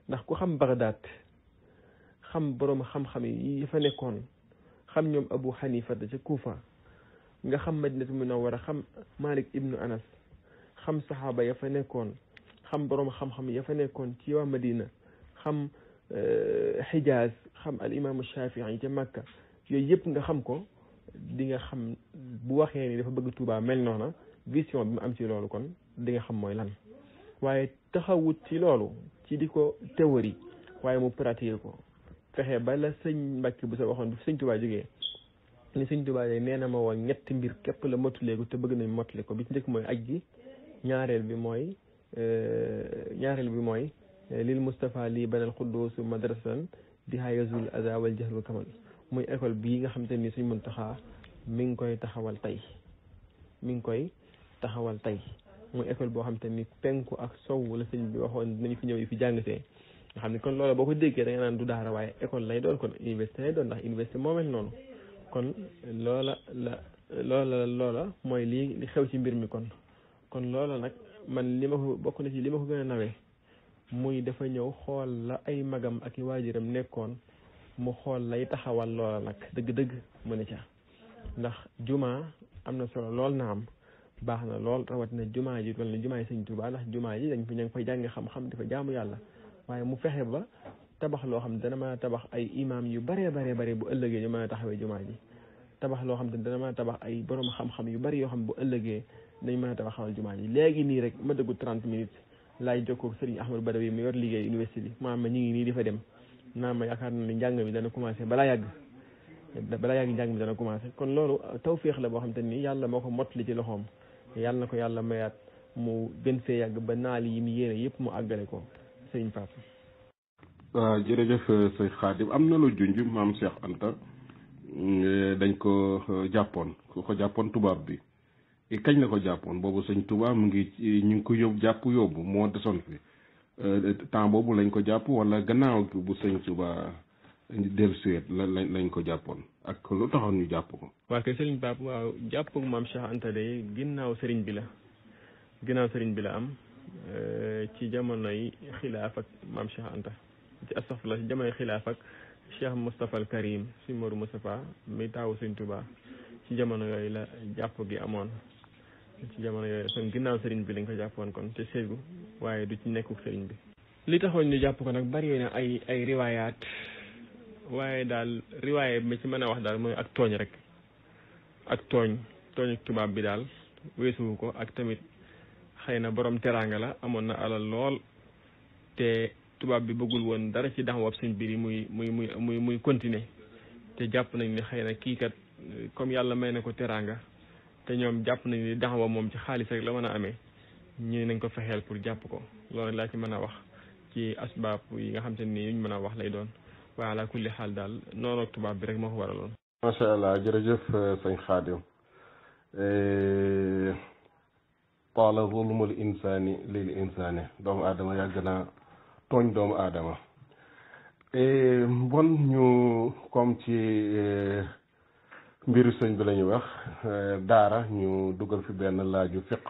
ndax ku xam Bagdad xam boroom xam-xam yi fa nekkoon xam ñoom Abu Hanifa da ca Kufa nga xam Madinatu Munawwara xam Malik ibnu Anas xam saxaaba ya fa nekkoon xam boroom xam-xam ya fa nekkoon ci waa Madina xam xijaas euh, xam al imaamu Shafii ca Makka yooyu yëpp nga xam ko di nga xam bu waxee ni dafa bëgg Tuubaa mel noona vision bi mu am ci loolu kon di nga xam mooy lan waaye taxawut ci loolu ci di ko théorie waaye mu pratiquer ko fexe ba la sëñ Mbàkke bu sa waxoon bi sëñ Tuubaa jógee ni sëñ Tuubaa de nee na ma woon ñetti mbir képp la motulee ko te bëgg nañ motule ko bi ci njëkk mooy aj gi ñaareel bi mooy euh, ñaareel bi mooy lil Moustapha lii banal xuddoos madrasan di hayazul aza wal jahlul kamal muy école bii nga xam te ni suñ Muntaxa mi ngi koy taxawal tey mi ngi koy taxawal tey muy école boo xam te ni penku ak sow la sëñ bi waxoon dinañ fi ñëw yi fi jàngatee nga xam ne kon loolu boo ko déggee da nga naan waaye école lay doon kon université lay doon ndax université moo mel loola la loola mooy lii li xew ci mbir mi kon kon loola nag man li ma ko bokk na ci li ma ko gën a nawee muy dafa ñëw xool la ay magam ak i waajuram nekkoon mu xool lay taxawal loola nag dëgg-dëgg mu ne ca ndax juma am na solo lool na am baax na lool rawatina jumaa ji wala jumaa yi sëñ Tuubaa jumaa ji dañ fi ña ngi fay jàng xam-xam dafa jaamu yàlla waaye mu fexe ba tabax loo xam ne dana mën a tabax ay imaam yu baree baree bare bu ëllëgee ñu mën a taxawee jumaa ji tabax loo xam ne dana ma a tabax ay borom xam-xam yu bari yoo xam bu ëllëgee dañ mën a tabaxawal jumaa ji léegi nii rek ma dëggu 30 minutes laay jokkoo Serigne Ahmadou Badawi mi yor liggéey université bi ma ma ñu ngi nii di fa dem naa ma yaakaar na ne njàng mi dana commencé balaa yàgg balaa yàgg njàng mi dana commencé kon loolu uh, tawféex la boo xam te ni yàlla moo ko mottali ci loxoom yàlla na ko yàlla mayaat mu benn fee yàgg ba naal yi mu yéene yëpp mu àggale ko sëñ Pape. waaw uh, jërëjëf uh, sëñ Xaadim am na lu junj maam Cheikh Anta dañ ko jàppoon ku ko jàppoon tubaab bi. Eh, kañ la ko jàppoon boobu sëñ Touba mu ngi eh, ñu ngi ko yóbbu jàpp yóbbu moo desoon fi eh, temps boobu lañ ko jàpp wala gannaaw bu sëñ Touba dellu suet la lañ ko jàppoon ak lu taxoon ñu jàpp ko. waaw kay sëriñ Pape waaw jàpp maam Cheikh Anta ginnaaw sëriñ bi la ginnaaw sëriñ bi la am ci jamonoy xilaaf ak maam Cheikh Anta ci astafurlah ci jamonoy xilaaf ak Cheikh Moustapha al Karim si Modou Moustapha mi taawu sëñ Touba ci jamono yooyu la jàpp gi amoon. ci jamono yooyu kon ginnaaw sëriñ bi lañ ko jàppoon kon te séegu waaye du ci nekkuk sëriñ bi li taxoon ñu jàpp ko nag bari na ay ay riwaayaat waaye daal riwaaye bi ci mën a wax daal mooy ak tooñ rek ak tooñ tooñu tubaab bi daal weesuwu ko ak tamit xëy na boroom teraanga la amoon na alal lool te tubaab bi bëggul woon dara ci dax wab suñ biir muy muy muy muy muy continuer te jàpp nañ ne xëy na kiikat comme yàlla may na ko teraanga te ñoom jàpp nañu ni daxawa moom ci xaalis rek la mën a amee ñu nañ ko fexeel pour jàpp ko loolu laa ci mën a wax ci asbaab yi nga xam te ni yuñ mën a wax lay doon waaye ala kulli xaal daal noonu tubaab bi rek moo ko waraloon. macha allah jërëjëf euh, sëñ Xaadim taala euh, zulmul insaani lil insaani doomu aadama yàgg naa tooñ doomu aadama euh, bon ñu comme ci. mbiru sëñ bi la wax euh, daara ñu dugal fi benn laaju fiq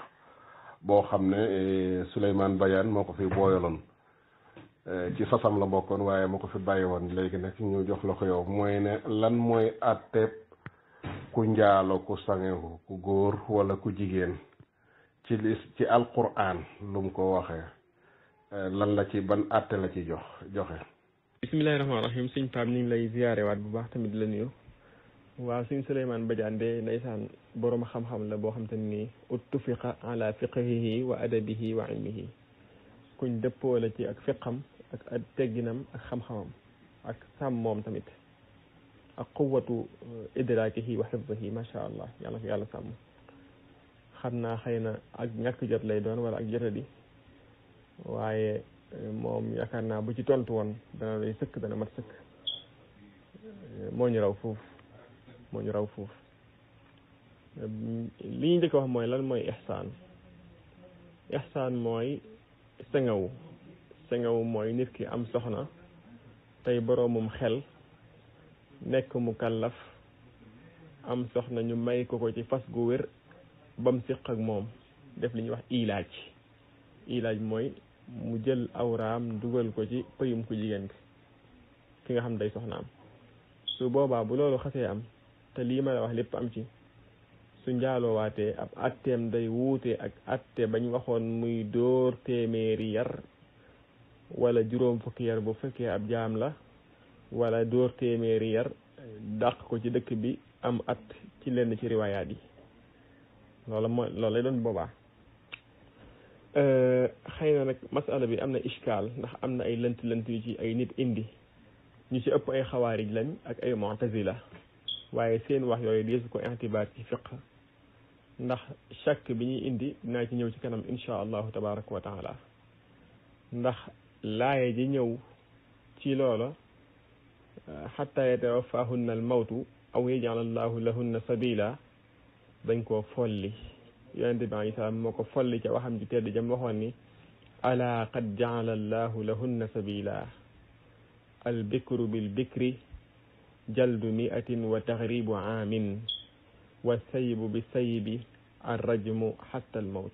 boo xam ne euh, Souleymane Bayane moo ko fi booyaloon euh, ci sasam la bokkoon waaye moo ko fi bàyyi woon léegi nag ñu jox la ko yow mooy ne lan mooy àtteeb ku njaalo ku sangewu ku góor walla ku jigéen ci li ci alquran lu mu ko waxee lan la ci ban àtte la ci jox joxe bismillahi rahmaani rahim sëñ Pape ñu ngi lay ziyaarewaat bu baax tamit la nuyu waaw suñ Souleymane Badiane de ndeysaan borom xam-xam la boo xam ni uttufiqa ala fiqhihi wa adabihi wa ilmihi kuñ dëppoo ci ak fiqam ak ak tegginam ak xam-xamam tamit ak quwatu uh, idrakihi wa xifdihi macha allah yàlla ko yàlla sàmm naa xëy na ak ñàkk jot lay doon wala ak jotadi waaye uh, moom yaakaar naa bu ci tontu woon dana lay sëkk dana mat sëkk uh, moo raw foofu moo ñu raw foofu li ñu njëkk wax mooy lan mooy ihsaan ihsaan mooy sengawu sengawu mooy nit ki am soxna tey boroomum xel nekk mu kàllaf am soxna ñu may ko ko ci fas gu wér bam siq ak moom def li ñuy wax ilaaj ilaaj mooy mu jël awraam dugal ko ci pëyum ku jigéen ki ki nga xam day soxna am su boobaa bu loolu xasee am te lii may wax lépp am ci su njaaloowaatee ab atteem day wuute ak atte bañ waxoon muy dóor téeméeri yar wala juróom fukki yar bu fekkee ab jaam la walla dóor téeméeri yar dàq ko ci dëkk bi am at ci lenn ci riwaayaat yi loola mooy loolu lay doon boobaa euh, xëy na nag masala bi am na ishkaal ndax am na ay lënt lënt yu ci ay nit indi ñu ci ëpp ay xawaarij lañ ak ay mu'tazila waye seen wax yoy deesu ko intibar ci fiqh ndax chak bi indi dinaa ci ñëw ci kanam insha allah tabaarak wa taala ndax laaye ji ñëw ci loola xatta yatawaffahunna maut aw yajal allah lahunna sabila dañ ko folli yonente bi alei salaam moo folli ci waxam ju tedd jam waxon ni ala qad jaala allah lahunna sabila al bikru bil bikri jaldu miatin wa taxribu aamin wa saybu bi sayibi arrajmu xatta almawt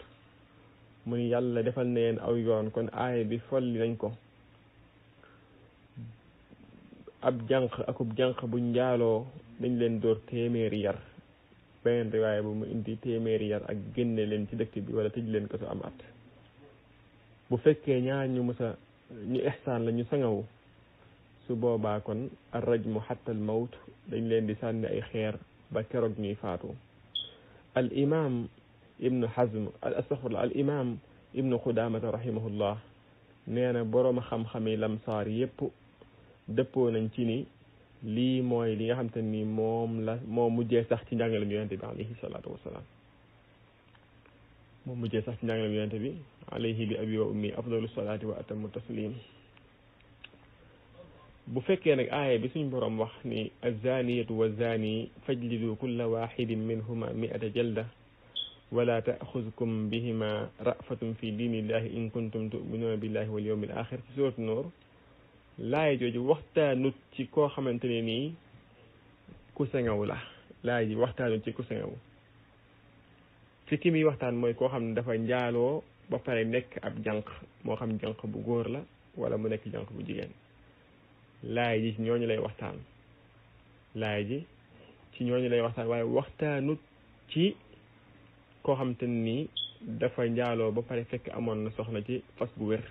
mu ni yàlla defal na leen aw yoon kon aaya bi folli nañ ko ab jànq akub jànq bu njaaloo dañ leen door téeméeri yar beneen riwaaya bu mu indi téeméeri yar ak génne leen ci dëkk bi wala tëj leen ko su am at bu fekkee ñaar ñu mësa ñu ixsaan la sangawu su boobaa kon arrajmu xatta al mawt dañ leen di sànni ay xeer ba keroog ñuy faatu al imam ibnu xazm al astaxfirullah al imam ibnu xudaamata rahimahullah nee na boroom xam-xami lamsaar yépp dëppoo nañ ci ni lii mooy li nga xam te ni moom la moo mujjee sax ci njàngalem yonente bi alayhi salaatu wasalaam moo mujjee sax ci njàngalem yonente bi alayhi bi abi wa ummi afdalu salaati wa atamu taslim bu fekkee nag aaya bi suñ boroom wax ni azaniyatu wa zani fajlidu kulla waxidin minhuma miata jalda wala taaxudkum bihima rafatun fi diinillahi in kuntum tuminuuna billahi mi yawmil axir ci surat nuur laaya jooju waxtaanut ci koo xamante ne nii ku sengaw la laaya ji waxtaanut ci ku sengaw ci ki muy waxtaan mooy koo xam ne dafa njaaloo ba pare nekk ab jànq moo xam jànq bu góor la wala mu nekk jànq bu jigéen laay ji ñooñu lay waxtaan laay ji ci ñooñu lay waxtaan waaye waxtaanu ci koo xam te nii dafa njaaloo ba pare fekk amoon na soxna ci fas bu wér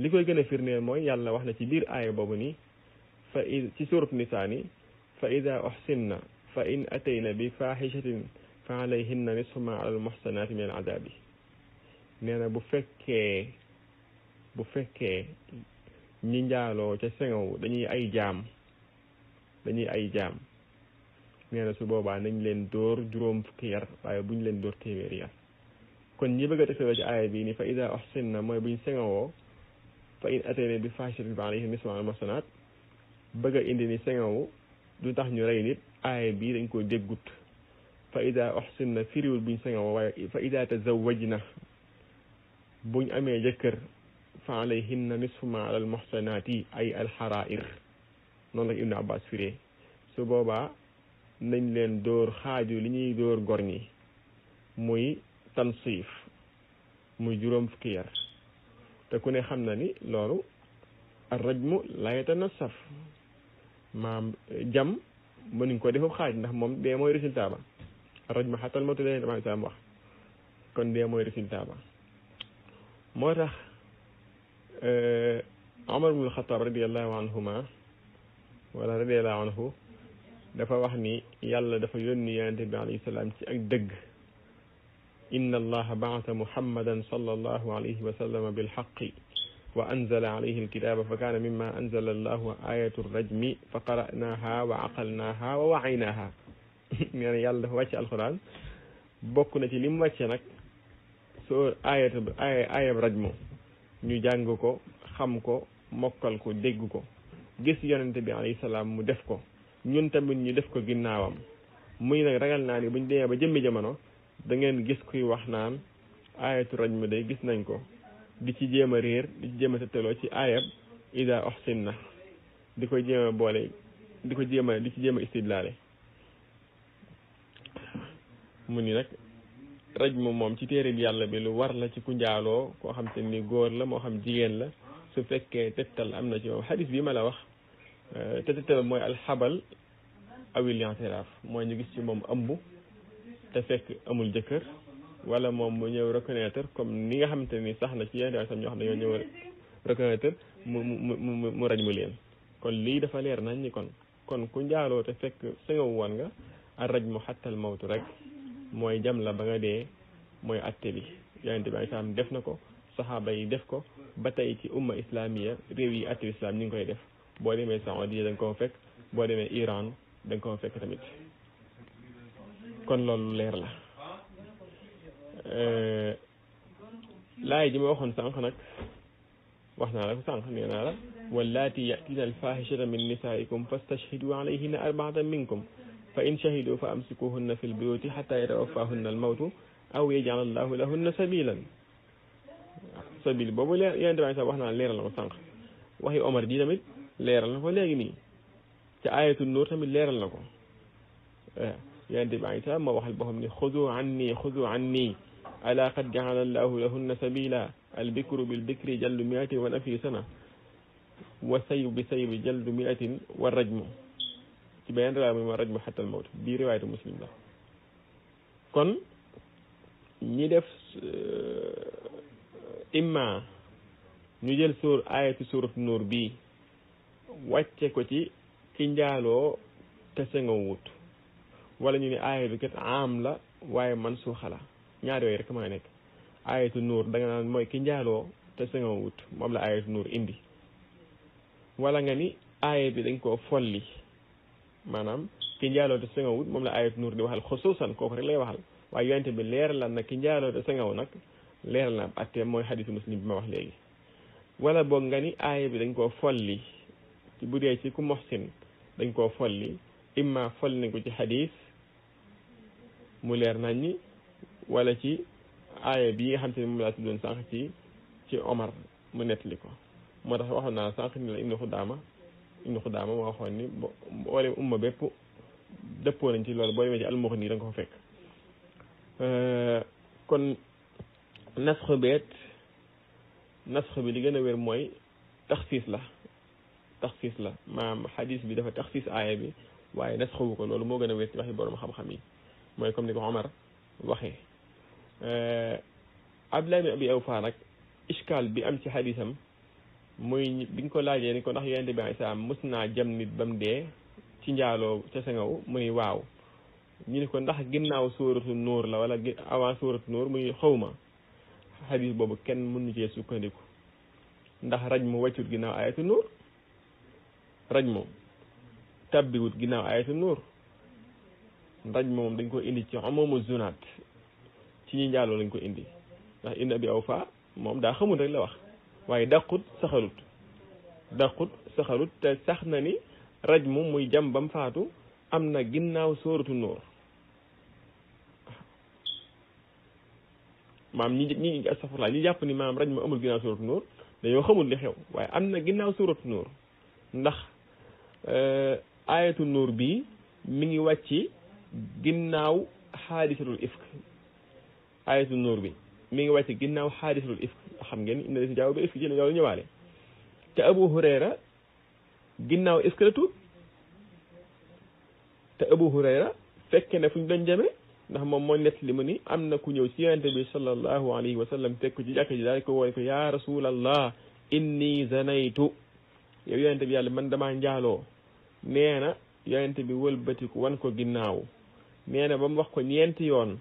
li koy gën a mooy yàlla wax na ci biir aaya boobu ni fa i ci surat nisaa ni fa ida oxsinna fa in atayna bi faaxishatin fa alayhinna nisfu ma ala almuxsanaati min al na bu fekkee bu fekkee ñi njaaloo ca sengow dañuy ay jaam dañuy ay jaam nee na su boobaa nañ leen dóor juróom fukki yar waaye buñ leen dóor téeméeri yar kon ñi bëgg a tefeeloo ci aaya bi ni fa ida na mooy buñ sengowoo fa in atene bi fahishatin fa alayhim nisful masanaat bëgg a indi tax ñu rey nit aaya dañ ko déggut fa ida oxsin na firiwul buñ sengowoo waaye fa ida tazawaj na buñ amee jëkkër fa alayhinna na ma alal muhsanaati ay alxarair noonu la indi abbas firee su boobaa nañ leen dóor xaaju li ñuy dóor gor ñi muy tansiif muy juróom fukki yar te ku ne xam na ni loolu ar rajmu la yatanassaf maam jam mënuñ ko defu xaaj ndax moom dee mooy résultat ba rajmu xatal matu la yéen wax kon dee mooy résultat ba moo tax آه، عمر بن الخطاب رضي الله عنهما ولا رضي الله عنه دفا وحني يلا دفا يوني يا نبي عليه السلام تي اك دغ ان الله بعث محمدا صلى الله عليه وسلم بالحق وانزل عليه الكتاب فكان مما انزل الله ايه الرجم فقراناها وعقلناها ووعيناها يعني يلا دفا واتي القران بوكنا تي لي واتي نك سور ايه ايه ايه الرجم ñu jàng ko xam ko mokkal ko dégg ko gis yonente bi alayhi salaam mu def ko ñun tamit ñu def ko ginnaawam muy nag ragal naa ni buñ demee ba jëmmi jamono da ngeen gis kuy wax naan aayatu raj mu day gis nañ ko di ci jéem a réer di ci jéem a tëttaloo ci aayab ida oxsin na di koy jéem boole di ko jéem di ci jéem a mu ni nag raj mu moom ci téere bi yàlla bi lu war la ci ku njaaloo koo xam te ni góor la moo xam jigéen la su fekkee tegtal am na ci moom xadis bi ma la wax euh, te tegtal mooy alxabal awil i'tiraaf mooy ñu gis ci moom ëmb te fekk amul jëkkër wala moom mu ñëw reconnaître comme ni nga xam te ni sax na ci yenn yoo xam ñoo xam dañoo ñëw reconnaître mu mu mu raj mu leen kon lii dafa leer nañ ni kon kon ku njaaloo te fekk sëngawu woon nga al raj mu xattal mawtu rek mooy jam la ba nga dee mooy atte bi yonente bi alislaam def na ko saxaaba yi def ko ba tey ci umma islamiya réew yi atte islam ñu ngi koy def boo demee Saoudia da nga koo fekk boo demee Iran da nga koo fekk tamit kon loolu leer la laay ji ma waxoon sànq nag wax naa la ko sànq nee naa la wallaati yatina alfahishata min nisaikum fastashhidu alayhinna arbaatan minkum فإن شهدوا فأمسكوهن في البيوت حتى يتوفاهن الموت أو يجعل الله لهن سبيلا سبيل بابو لا يندر عيسى وحنا ليرا لما سانق وهي أمر دي تمت ليرا لما فليغني تآية النور تمت ليرا لما آه، يندر عيسى ما وحل خذوا عني خذوا عني ألا قد جعل الله لهن سبيلا البكر بالبكر جل مئة ونفي سنة وسيب بسيب جلد مئة والرجم ci beneen riwaay mooy ma rajmu xatal mawt bii riwaayatu muslim la kon ñi def euh, imma ñu jël sóor aayatu suuratu nuur bii wàcce ko ci ki njaaloo te sengo wut wala ñu ni aaya bi kat am la waaye man suuxala ñaar yooyu rek maa nekk aayatu nuur da naan mooy ki njaaloo te sengo wut moom la aayatu nuur indi wala nga ni aaya bi dañ koo folli maanaam ki njaaloo te sëngawut moom la ayat nuur di waxal xusuusan kooku rek lay waxal waaye yonente bi leeral na nag ki njaaloo te sëngaw nag leeral na attee mooy xadisu muslim bi ma wax léegi wala boog nga ni aaya bi dañ koo folli bu dee ci ku moxsin dañ koo folli imma folli nañ ko ci xadis mu leer nañ ni wala ci aaya bi nga xam te moom laa tuddoon sànq ci ci Omar mu nettali ko moo tax waxoon naa sànq ni la Ibnu Xudaama ibnu xudaama moo waxoon ni boo dem umma bépp dëppoo nañ ci loolu boo demee ci almuxni da nga ko fekk kon nasxu beet nasxu bi li gën a wér mooy taxsiis la taxsiis la maam xadis bi dafa taxsiis aaya bi waaye nasxu wu ko loolu moo gën a wér ci waxi borom xam-xam yi mooy comme ni ko Omar waxee Abdullah ibn Abi Awfa nag ishkaal bi am ci xadisam muy biñ ko laajee ni ko ndax yonent bi ay mës naa jam nit ba mu dee ci njaaloo ca sangaw muy waaw ñu ni ko ndax ginnaaw sóoratu nuur la wala avant sóoratu nuur muy ma xadis boobu kenn mënu cee sukkandiku ndax raj mu wàccut ginnaaw ayatu nuur raj moom tabbiwut ginnaaw ayatu nuur raj dañ ko indi ci amumu zunaat ci ñu njaaloo lañ ko indi ndax inna bi aw fa moom daa xamul rek la wax waaye daqut saxarut dàqut saxarut te sax na ni raj mu muy jam bam faatu am na ginnaaw sóoratu nóor maam ñi ñi astafurlaa ñi jàpp ni maam raj mu amul ginnaaw sóoratu nóor dañoo xamul li xew waaye am na ginnaaw sóoratu nóor ndax eh, aayatu nóor bi mi ngi wàcc ginnaaw xaadisatul ifk aayatu nóor bi mi ngi ci ginnaaw xaadisatul ifk xam ngeen inna leen si jaaw ba ifk ci la ñoo ñëwaale te Abu Hurayra ginnaaw ifk la tuub te Abu Hurayra fekke na fu ñu doon jëme ndax moom mooy nett li mu ni am na ku ñëw ci yonente bi sallallahu alayhi wa sallam teg ko ci jàkk ji daal ko wooy ko yaa rasulallah inni zanaytu yow yonente bi yàlla man damaa njaaloo nee na yonente bi wëlbatiku wan ko ginnaaw nee na ba mu wax ko ñeenti yoon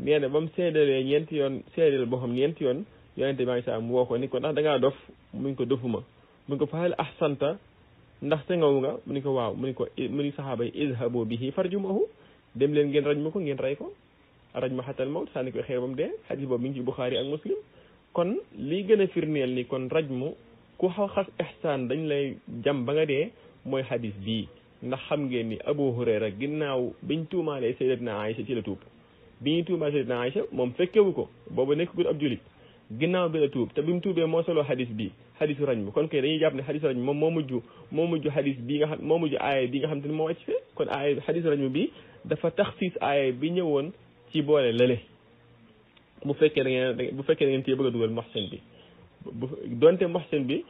nee na ba mu seedalee ñeenti yoon seedal boo xam ñeenti yoon yonente bi saa mu woo ko ni ko ndax da dof muñ ko dofuma mu ko ko fahal ahsanta ndax sengaw nga mu ni ko waaw mu ni ko mu ni saxaaba yi izhabu bihi farjumahu dem leen ngeen raj ma ko ngeen rey ko raj ma xatal mawt sànni koy xeer ba mu dee xadis boobu mi ngi ci Buxaari ak Muslim kon lii gën a firndeel ni kon raj mu ku xaw xas ihsaan dañ lay jam ba nga dee mooy xadis bii ndax xam ngeen ni Abu rek ginnaaw biñ tuumaalee Sayyidatna Aïcha ci la tuub bi ñuy tuumaal Sayyidatuna Aïcha moom fekkewu ko boobu nekkagul ab julit ginnaaw bi la tuub te bi mu tuubee moo soloo xadis bi xadisu rajm kon kay dañuy jàpp ne xadisu rajm moom moo mujj moo mujj xadis bi nga xam moo mujj aaya bi nga xam te moo wàcc fee kon aaya xadisu rajm bi dafa taxsiis aaya bi ñëwoon ci boole lële bu fekkee da ngeen bu fekkee da ngeen cee bëgg a dugal moxsen bi bu donte moxsen bi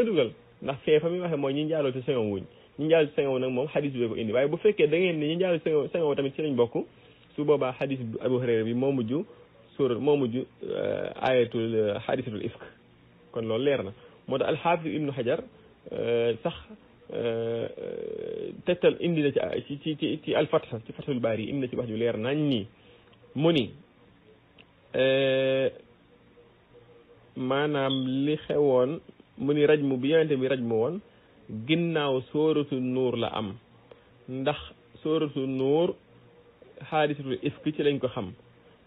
a dugal ndax fee fa muy waxee mooy ñi njaaloo ci sangow wuñ ñi njaaloo nag moom xadis bi ko indi waaye bu fekkee da ngeen ne ñi njaaloo ci sangow tamit ci lañ bokk su boobaa xadis abu hurayra bi moo mujj suur moo mujj ayatul hadithul ifk kon loolu leer na moo tax alxaafis ibnu xajar sax tetal indi na ci ci ci ci alfatxa ci fatxul baari yi indi na ci wax ju leer nañ nii mu ni li xewoon mu ni bi yonente bi raj mu woon ginnaaw sóoratu la am ndax sóoratu nuur xaadisatul ifki ci lañ ko xam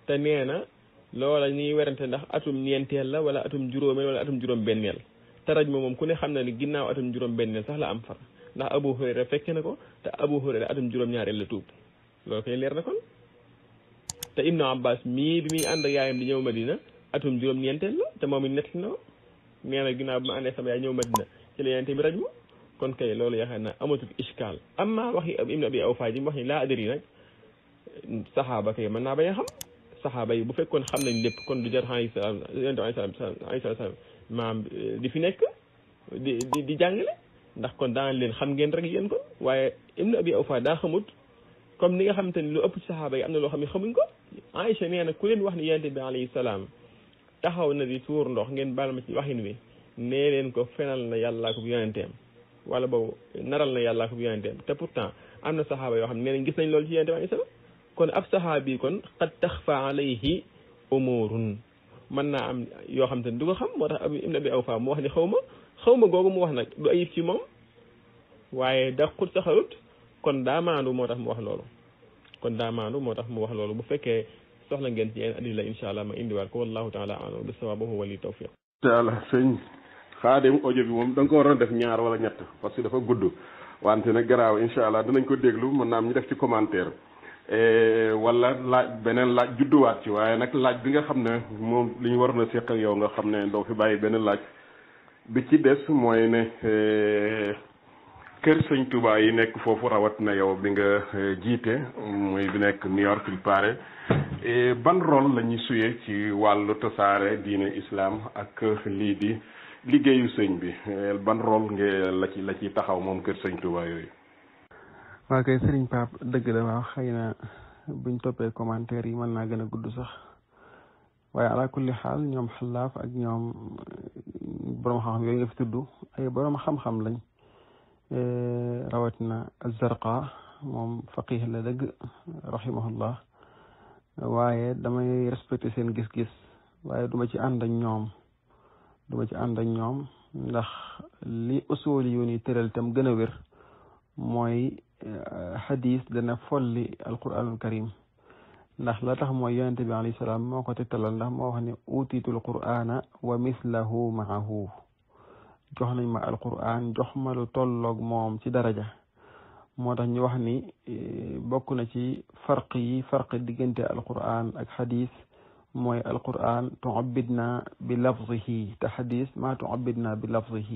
te nee na loola ñuy werante ndax atum ñeenteel la wala atum juróomeel wala atum juróom-benneel taraj ma moom ku ne xam na ni ginnaaw atum juróom-benneel la am far ndax Abu Hurayra fekke na ko te Abu Hurayra atum la tuub loolu leer na kon te Ibnu Abbas mii bi muy ànd yaayam di ñëw Madina atum juróom-ñeenteel la te moom it nett na nee na ginnaaw bi ma àndee sama yaay ñëw Madina ci la yente bi raj ma kon kay loolu yaakaar naa amatul iskaal amma waxi Ibnu Abi Awfa ji wax ni laa adri nag saxaaba kay mën naa bañ a xam saxaaba yi bu fekkoon xam nañ lépp kon du jar alayhi salaam alayhi salaam maam di fi nekk di di di jàngale ndax kon daan leen xam ngeen rek yéen kon waaye ibnu abi awfa daa xamut comme ni nga xamante ni lu ëpp ci saxaaba yi am na loo xamuñ ko Aïcha nee ku leen wax ni yonent bi alayhi salaam taxaw na di tuur ndox ngeen baal ma ci waxin wi nee leen ko fenal na yàllaa ko yonenteem wala boobu naral na yàllaa ko yonenteem te pourtant am na saxaaba yoo xam gis nañ loolu ci yonent bi alayhi salaam kon ab saxaabi kon qad taxfa alayhi umurun man naa am yoo xam te ne du ko xam moo tax ibn abi faa mu wax ni xaw ma xaw ma googu mu wax nag du ayib ci moom waaye daqut saxarut kon daa maandu moo tax mu wax loolu kon daa maandu moo tax mu wax loolu bu fekkee soxla ngeen ci yeneen adilla incha allah ma indiwaat ko wallahu taala alam bi sawaab wa wali tawfiq taala sëñ xaadim audio bi moom da nga ko waroon def ñaar wala ñett parce que dafa gudd wante nag incha allah dinañ ko déglu mën naa am def ci commentaire Eh, wala laaj beneen laaj judduwaat ci waaye nag laaj bi nga xam ne moom li ñu waroon a séq yow nga xam ne doo fi bàyyi benn laaj bi ci des mooy ne eh, kër sëñ Touba yi nekk foofu rawat na yow bi nga eh, jiite muy bi nekk New York il paraît ban rôle lañuy ñuy suyee ci wàllu tasaare diine islam ak lii di liggéeyu sëñ bi ban rôle nga la ci la ciy taxaw moom kër sëñ Touba yooyu. waaw kay sëriñ Pape dëgg la waaw na buñ toppee commentaire yi mën naa gën a gudd sax waaye ala kulli hal ñoom xalaaf ak ñoom borom xam-xam yooyu nga fi tudd ay borom xam-xam lañ rawatina Azarqa moom faqih la dëgg rahimahullah waaye damay respecté seen gis-gis waaye duma ci ànd ak ñoom duma ci ànd ak ñoom ndax li usul yu ni tëral tam gën a wér mooy. حديث دنا فولي القران الكريم ناخ لا تخ مو يونت بي عليه السلام مكو تيتال ناخ مو هني اوتيت القران ومثله معه جوخنا ما القران جوخ ما لو تولوك موم سي درجه موتاخ ني فرقي فرق يي فرق القران الحديث حديث القران تعبدنا بلفظه تحديث ما تعبدنا بلفظه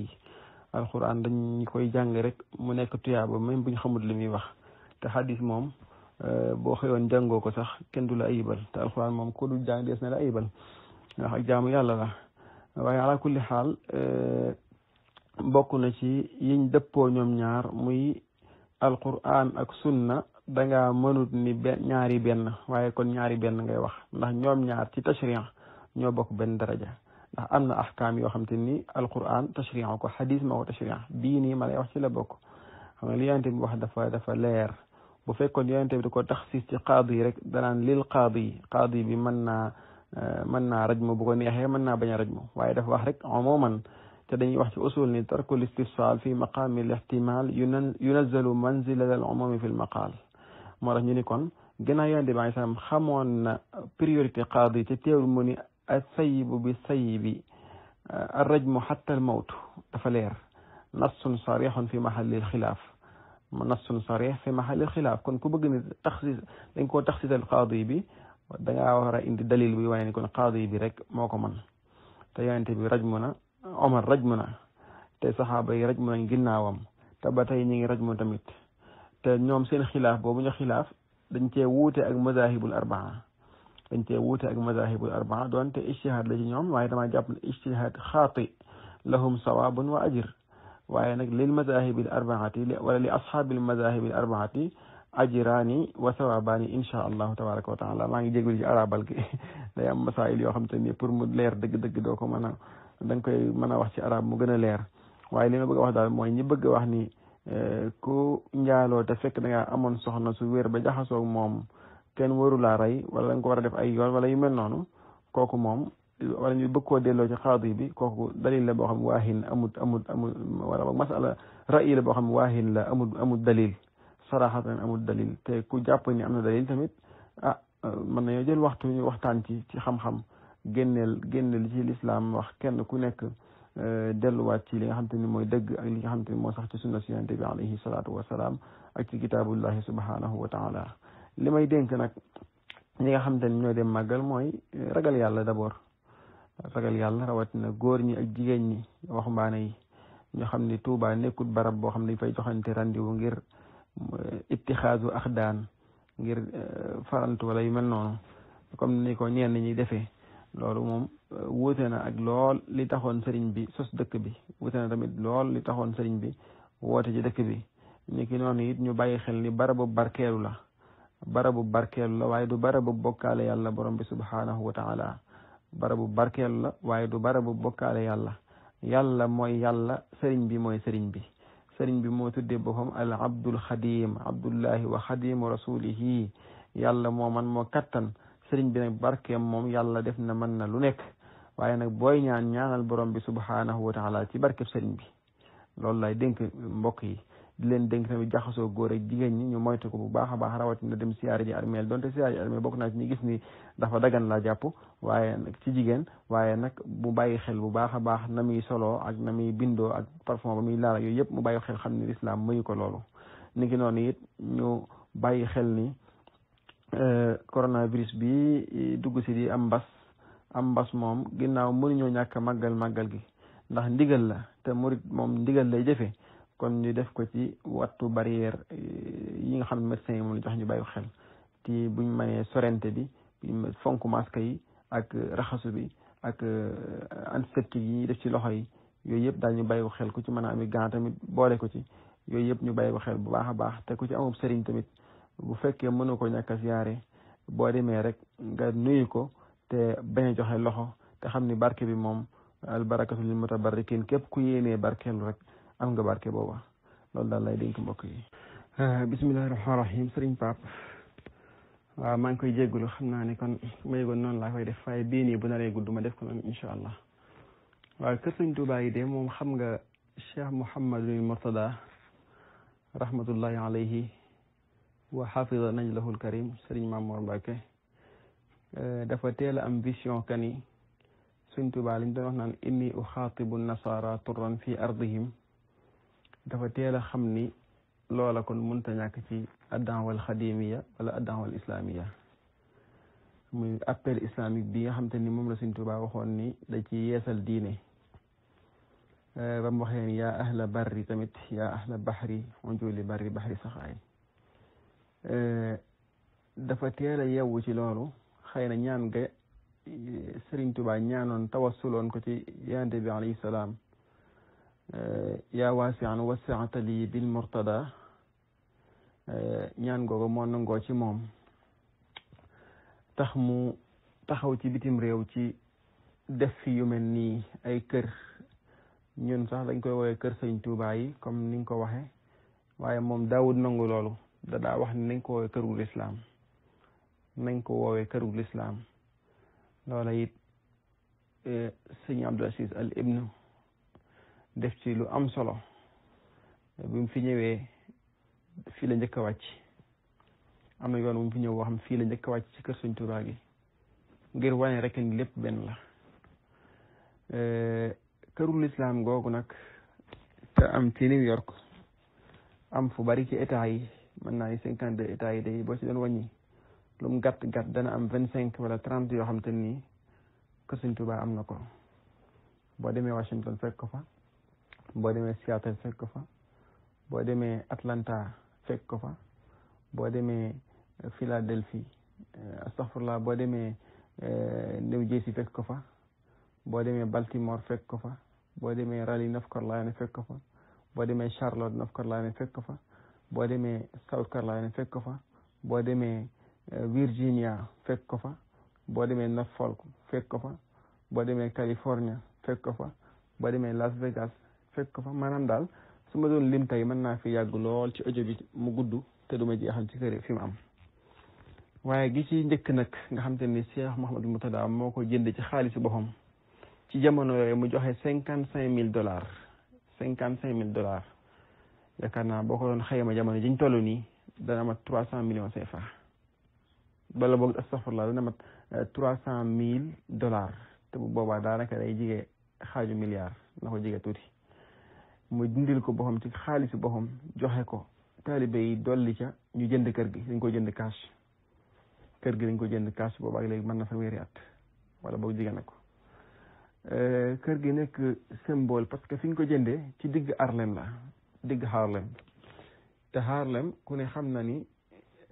alxuraan dañ koy jàng rek mu nekk tuyaaba même buñ xamul lu muy wax te xadis moom euh, boo xëyoon jàngoo ko sax kenn du la ayibal te alxuraan moom ko du jàng dees na la ayibal ndax ak jaamu yàlla la waaye ala euh, na ci yiñ dëppoo ñoom ñaar muy alquran ak sunna danga mënut ni benn ñaari benn waaye kon ñaari benn ngay wax ndax ñoom ñaar ci tashrian ñoo bokk benn daraja ndax amna ahkam yo xamanteni alquran tashri'a ko hadith ma wa tashri'a bi ni ma lay wax ci la bok xam nga li yonente bi wax dafa dafa leer bu fekkon yante bi da ko taxsis ci qadi rek danaan lil qadi qadi bi manna manna mën rajmu bu ko nexe manna baña bañ a rajmu waaye dafa wax rek umuman te dañuy wax ci usul ni tarku istifsal fi maqaami al ihtimal yunazalu manzilata al umumi fi al maqal mo tax ñu ni kon gëna yonente bi sam salaam xamoon na priorité qadi te teewul mo ni السيب بالسيب آه، الرجم حتى الموت تفلير نص صريح في محل الخلاف نص صريح في محل الخلاف كون كو بغن تخصيص لنكو تخصيص القاضي بي دا ورا ان دليل بي وين يكون قاضي بي رك موكو من تيانت بي رجمنا عمر رجمنا تي صحابه رجمنا غيناوام تباتاي نيغي رجم تاميت تي نيوم سين خلاف بو خلاف دنجي ووتي اك مذاهب الاربعه أنت وتا المذاهب الأربعة وأنت إشهاد لجنهم وإذا ما جاب إشهاد خاطئ لهم ثواب وأجر وأنك للمذاهب الأربعة ولا لأصحاب المذاهب الأربعة أجران وثوابان إن شاء الله تبارك وتعالى ما يجيك بيجي أراب لك لأي مسائل يوخم تنمي برمود لير دق دق دوكو منا دنكو منا وحشي أراب مغنى لير waaye li ma bëgg a wax daal mooy ñi bëgg wax ni eh, ku njaaloo te fekk da ngaa amoon soxna su wér ba jaxasoog moom kenn warulaa rey wala da nga ko war a def ay yoon wala yu mel noonu kooku moom wala ñu bëgg koo delloo ci xaadi bi kooku dalil la boo xam waahin amut amut amut wala boog masala ra'i la boo xam waahin la amut amut dalil saraxatan amut dalil te ku jàpp ni am na dalil tamit ah mën nañoo jël waxtu ñu waxtaan ci ci xam-xam génneel génneel ci lislaam wax kenn ku nekk delluwaat ci li nga xam te ni mooy dëgg ak li nga xam te ni moo sax ci sunna si yonente bi alayhi salaatu wasalaam ak ci kitaabullahi subhanahu wa taala li may dénk nag ñi nga xam te ñoo dem màggal mooy eh, ragal yàlla d'abord ragal yàlla rawatina góor ñi ak jigéen ñi waxambaane yi ñoo xam ne Touba nekkut barab boo xam ne dañ fay joxante rendez-vous ngir eh, ittixaasu ak daan ngir eh, farantu wala yu mel noonu comme ni ko ñenn ñi defee loolu moom wuute na ak lool li taxoon sëriñ bi sos dëkk bi wuute na tamit lool li taxoon sëriñ bi woote ci dëkk bi ni ki noonu it ñu bàyyi xel ni barabu barkeelu la barabu barkeelu la waaye du barabu bokkaale yàlla borom bi subhaanahu wa taala barabu barkeelu la waaye du barabu bokkaale yàlla yàlla mooy yàlla sëriñ bi mooy sëriñ bi sëriñ bi moo tuddee boppam al abdul xadim abdullahi wa xadimu rasulihi yàlla moo man moo kattan sëriñ bi nag barkeem moom yàlla def na mën na lu nekk waaye nag booy ñaan ñaanal borom bi subhaanahu wa taala ci barkeb sëriñ bi loolu lay dénk mbokk yi di leen dénk tamit jaxasoo góor ak jigéen ñi ñu moytu ko bu baax a baax rawatina dem siyaare ji armeel donte siyaare ji armeel bokk naa ci ñu gis ni dafa dagan la jàpp waaye nag ci jigéen waaye nag mu bàyyi xel bu baax a baax na muy solo ak na mi bindoo ak parfum ba muy laala yooyu yëpp mu bàyyi xel xam ni lislaam mayu ko loolu ni ki noonu it ñu bàyyi xel ni euh, coronavirus bi dugg si di am mbas am mbas moom ginnaaw mënuñoo ñàkk màggal màggal gi ndax ndigal la te murit moom ndigal lay jëfee kon ñu def ko ci wattu barrière eh, yi nga xam ne médecin yi moom la jox ñu bay xel ci buñ mayee sorente bi buñ fonk masque yi ak eh, raxasu bi ak eh, antiseptique yi ñuy def ci loxo yi yooyu yëpp daal ñu bàyyi xel ku ci mën a ami gan tamit boole ko ci yooyu yëpp ñu bàyyi xel bu baax a baax te ku ci amub seriñ tamit bu fekkee mënu ko ñàkk a boo demee rek nga nuyu ko te bañ a joxe loxo te xam ni barke bi moom albarakatu lil mutabarrikin képp ku yéenee barkeelu rek am nga barke booba loolu daal lay dénk mbokk yi eh, bisimilahi rahmaan rahim sëriñ Pap waaw maa ngi koy jéggulu xam naa ne kon mayegoon noonu laa koy def waaye bii nii bu naree gudd def ko noonu incha allah waaw kër sëñ Tuubaa yi de moom xam nga cheikh mouhamadul murtada rahmatullahi alayhi wa xafida najlahul karim sëriñ Mamoor Mbàkke eh, dafa teel a am vision kani sëñ Tuubaa fi ardihim dafa teel a xam ni loola kon mënta ñàkk ci addaawal xadimiya wala addaawal islamiya muy appel islamique bi nga xam te ni mom la Sëñ Tuubaa waxoon ni da ci yeesal diine eh, ba mu waxee ahla barri tamit yaa ahla baxri unjuli barri baxri saxaay eh, dafa teel a yewwu ci loolu xëy na ñaan ga eh, Sëriñ Tuubaa ñaanoon tawassuloon ko ci yonent bi alayhi salaam Eh, yaa waasian wasiatali bil murtada eh, ñaan googu moo nangoo ci moom tax mu taxaw ci bitim réew ci def fi yu mel nii ay kër ñun sax dañ koy woowee kër sëñ Tuubaa yi comme ni nga ko waxe waaye moom daawud nangu loolu da daa wax ne nañ ko woowee kërul islaam nañ ko woowee kërul islaam loola it eh, sëñ Abdul Aziz al def ci lu am solo bi mu fi ñëwee fii la njëkk a am na yoon bu mu fi ñëw boo xam fii la njëkk a wàcc ci kër Sëñ gi ngir wane rek ni lépp benn la kërul islam googu nag te am ci New York am fu bari ci état yi mën naa ni états yi day boo ci doon wàññi lu mu gàtt gàtt dana am vingt cinq wala trente yoo xam te nii kër Sëñ Tuubaa am na ko boo demee Washington fekk ko fa boo demee Seattle fekk ko fa boo demee Atlanta fekk ko fa boo demee Philadelphie astaghfirullah boo demee New Jersey fekk ko fa boo demee Baltimore fekk ko fa boo demee Raleigh North Carolina fekk ko fa boo demee Charlotte North Carolina fekk ko fa boo demee South Carolina fekk ko fa boo demee Virginia fekk ko fa boo demee Norfolk fekk ko fa boo demee California fekk ko fa boo demee Las Vegas fekk ko fa maanaam daal su ma doon lim tey mën naa fi yàgg lool ci audio bi mu gudd te du ma jeexal ci kër fi mu am. waaye gi ci njëkk nag nga xam te ni Cheikh Mouhamadou Moutada moo ko jënd ci xaalisu boppam ci jamono yooyu mu joxe cinquante cinq mille dollars cinquante cinq mille dollars yaakaar naa boo ko doon ma jamono jiñ toll nii dana mat trois cent millions CFA bala boog astafurlah dana mat euh, trois cent mille dollars te bu boobaa daanaka day jige xaaju milliard na ko jige tuuti mooy dindil ko boppam ci xaalisu boppam joxe ko taalibe yi dolli ca ñu jënd kër gi dañ koy jënd cash kër gi dañ ko jënd cash boobu ak léegi mën na fa wéeri at wala boog jigéen na ko euh, kër gi nekk symbole parce que fi ñu ko jëndee ci digg Harlem la digg Harlem te Harlem ku ne xam na ni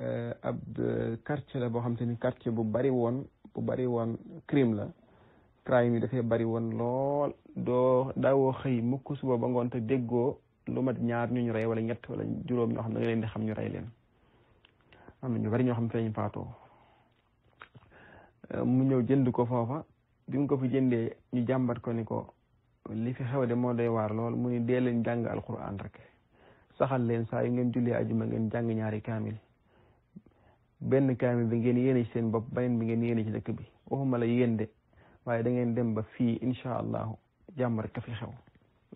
euh, ab quartier la boo xam te ni quartier bu bari woon bu bari woon crime la crime yi dafa bari woon lool doo daawoo xëy mukk suba ba ngoon te déggoo lu mat ñaar ñu ñu rey wala ñett wala juróom ñoo xam ne da di xam ñu rey leen na ñu bari ñoo xam feeñ faatoo euh, mu ñëw jënd ko foofa bi mu ko fi jëndee ñu jàmbat ko ni ko li fi xew de moo doy waar lool mu ni dee leen jàng alquran rek saxal leen saa yu ngeen jullee ajuma ngeen jàng ñaari kaamil benn kaamil bi ngeen yéene ci seen bopp beneen bi ngeen yéene ci dëkk bi waxuma la yéen de waaye da ngeen dem ba fii incha allahu jàmm rek xew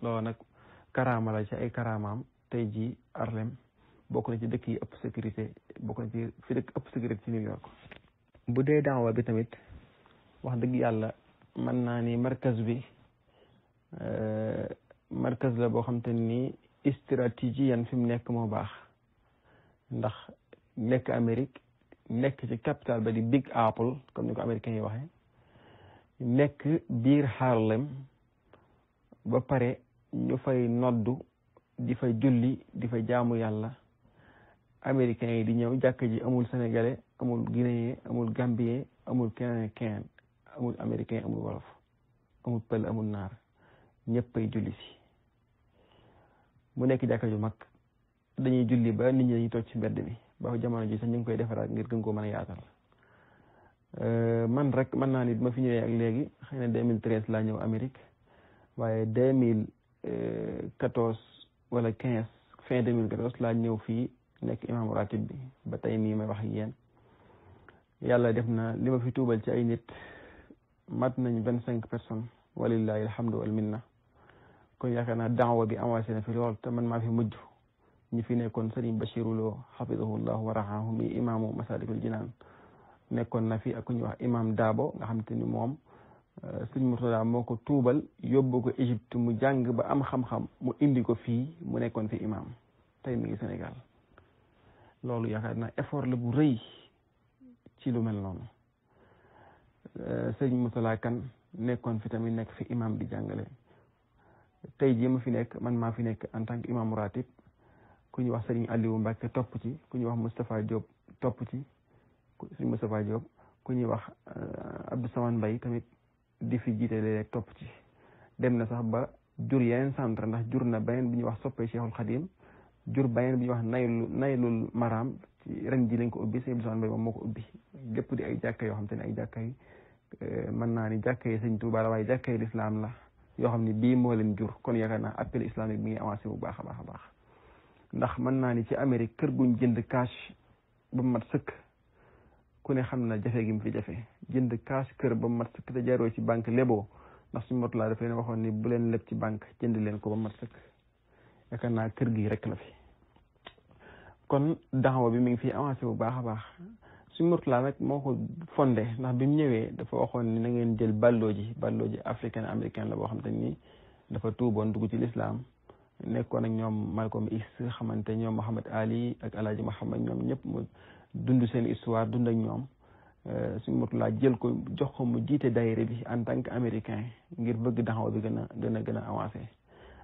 loolu nag karaama ci ay karaamaam tey jii Harlem bokk na ci dëkk yi ëpp sécurité bokk na ci fi dëkk ëpp sécurité ci New York. bu dee daawa bi tamit wax dëgg yàlla man naa ni markaz bi euh, markaz la boo xam te ni stratégie yan fi mu nekk moo baax ndax nekk Amérique nekk ci capital ba di Big Apple comme ni ko américains yi waxee. nekk biir Harlem ba pare ñu fay noddu di fa julli di fa jaamu yàlla américains yi di ñëw jàkka ji amul sénégalais amul guinéen amul gambien amul keneen keneen amul américain amul wolof amul pël amul naar ñëppay julli si mu nekk jàkka ju mag dañuy julli ba nit ñi dañuy toog ci mbedd mi ba jamono ji sax ñu ngi koy defaraat ngir gën koo mën a yaatal man rek man na nit ma fi ñëwé ak légui xeyna 2013 la ñëw Amérique waye 2014 wala 15 fin 2014 la ñëw fi nek imam ratib bi ba tay ni may wax ak yéen yàlla def na lima fi tuubal ci ay nit mat nañ 25 personnes walillahi alhamdu wal minna kon yaakaar naa daawa bi avancé na fi lool te man maa fi mujj ñi fi nekkoon Serigne Bachirou Lo xafidahu wa raxahu mi imaamu masalikul jinaan nekkoon na fi ak ku ñuy wax imam Daabo nga xam te ni moom euh, sëñ Murtada moo ko tuubal yóbbu ko Égypte mu jàng ba am xam-xam mu indi ko fii mu nekkoon fi imaam tey mi ngi loolu yaakaar naa effort bu rëy ci lu mel noonu euh, sëñ Murtada Kan nekkoon fi tamit nekk fi imam di jàngale tey jii ma fi nekk man maa fi nekk en tant que ratib ku ñu wax sëriñ Aliou Mbacke topp ci ku ñu wax Moustapha Diop topp ci suñ Moustapha Diop ku ñuy wax euh, Abdou Samane Mbaye tamit di fi jiite léeg topp ci dem na sax ba jur yeneen centre ndax jur na beneen bu ñuy wax soppee Cheikhul Khadim jur beneen bu wax naylul naylul maraam ci ren ji lañ ko ubbi sëñ Abdou Samane Mbaye moom moo ko ubbi lépp di ay jàkka yoo xam te ne ay jàkka yi euh, mën naa ni jàkka yi sëñ Tuubaa la waaye jàkka yi lislaam la yoo xam ne bii moo leen jur kon yaakaar naa appel islamique bi ngi avancé bu baax a baax ndax mën na ni ci Amérique kër guñ jënd cash ba mat sëkk ku ne xam na jafe gi mu fi jafe jënd cash kër ba mat sëkk te jaaroo ci banque leboo ndax suñu motulaa dafay ne waxoon ni bu leen leb ci banque jënd leen ko ba mat sëkk yaakaar naa kër gi rek la fi kon daxawa bi mu ngi fi avancé bu baax a baax suñu laa nag moo ko fonde ndax bi mu ñëwee dafa waxoon ni na ngeen jël balloo ji balloo ji africain américain la boo xam te ni dafa tuuboon dugg ci lislaam nekkoon ak ñoom Malcolm X xamante ñoom Mohamed Ali ak Alaaji Mohamed ñoom ñëpp mu dund seen histoire dund ak ñoom euh, suñu jël ko jox ko mu jiite daayira bi en tant que américain ngir bëgg daxaw gën a gën a gën a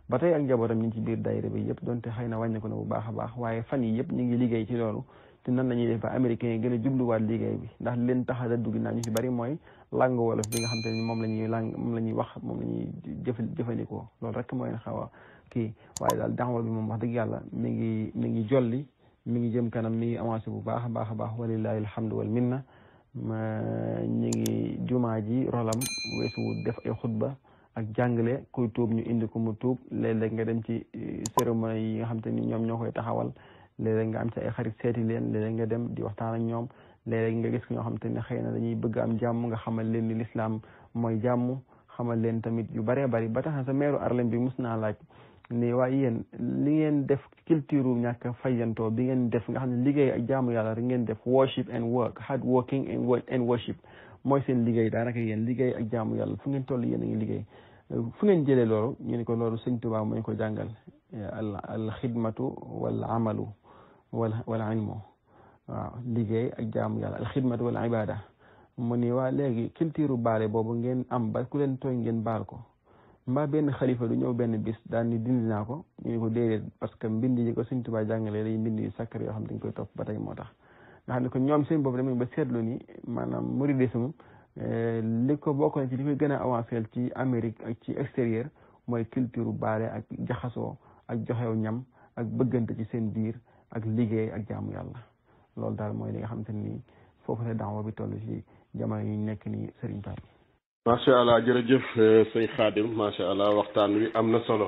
ba tey ak njabootam ñu ci biir daayira bi yëpp donte xëy na wàññeeku na bu baax baax waaye fan yi yëpp ñu ngi liggéey ci loolu te nan la ñuy def ba américain a liggéey bi ndax leen tax a dugg naa ñu ci bari mooy langue wolof bi nga ne moom la ñuy langue moom la ñuy wax moom la ñuy jëf jëfandikoo loolu rek mooy xaw a kii waaye daal daxaw bi moom wax dëgg yàlla mi ngi jolli mi ngi jëm kanam mi ngi avancé bu baax a baax a baax walillahi alhamdu wal minna ma ñu ngi jumaa ji rolam weesu def ay xutba ak jàngale kuy tuub ñu indi ko mu tuub léeg nga dem ci euh, cérémonie yi nga xam te ñoom ñoo koy taxawal léeg-léeg nga am ci ay xarit seeti leen léeg nga dem di waxtaan ñoom léeg-léeg nga gis ñoo xam te ne na dañuy bëgg am jàmm nga xamal leen ni lislaam mooy jàmm xamal leen tamit yu baree bari ba tax na sa meeru Harlem bi mus naa laaj ni waaye yéen li ngeen def culture ñàkk a fayantoo bi ngeen def nga xam ne liggéey ak jaamu yàlla rek ngeen def worship and work hard working and worship mooy seen liggéey daanaka yéen liggéey ak jaamu yàlla fu ngeen toll yéen a ngi liggéey fu ngeen jëlee loolu ñu ko loolu sëñ Tuubaa moo ñu ko jàngal al al xidmatu wal amalu wal wal ilmu waaw liggéey ak jaamu yàlla al xidmatu wal ibada mu ni waa léegi culture baale boobu ngeen am ba ku leen ngeen baal ko mbaa benn xalifa du ñëw benn bis daal ni dindi naa ko ñu ko déedéet parce que mbind yi ko Sëñ Tuubaa jàngalee day mbind yu sàkkar yoo xam dañ koy topp ba tey moo tax nga xam ne ñoom seen bopp damañ ba seetlu ni maanaam mouridisme eh, li ko bokk na ci li koy gën a avancé ci Amérique ak ci extérieur mooy culture baale ak jaxasoo ak joxew ñam ak bëggante ci seen biir ak liggéey ak jaamu yàlla loolu daal mooy li nga xam te ni foofu la daawa bi toll ci jamono yi ñu nekk nii Serigne Pape macha allah jërëjëf euh, sëñ xaadim macha allah waxtaan wi am na solo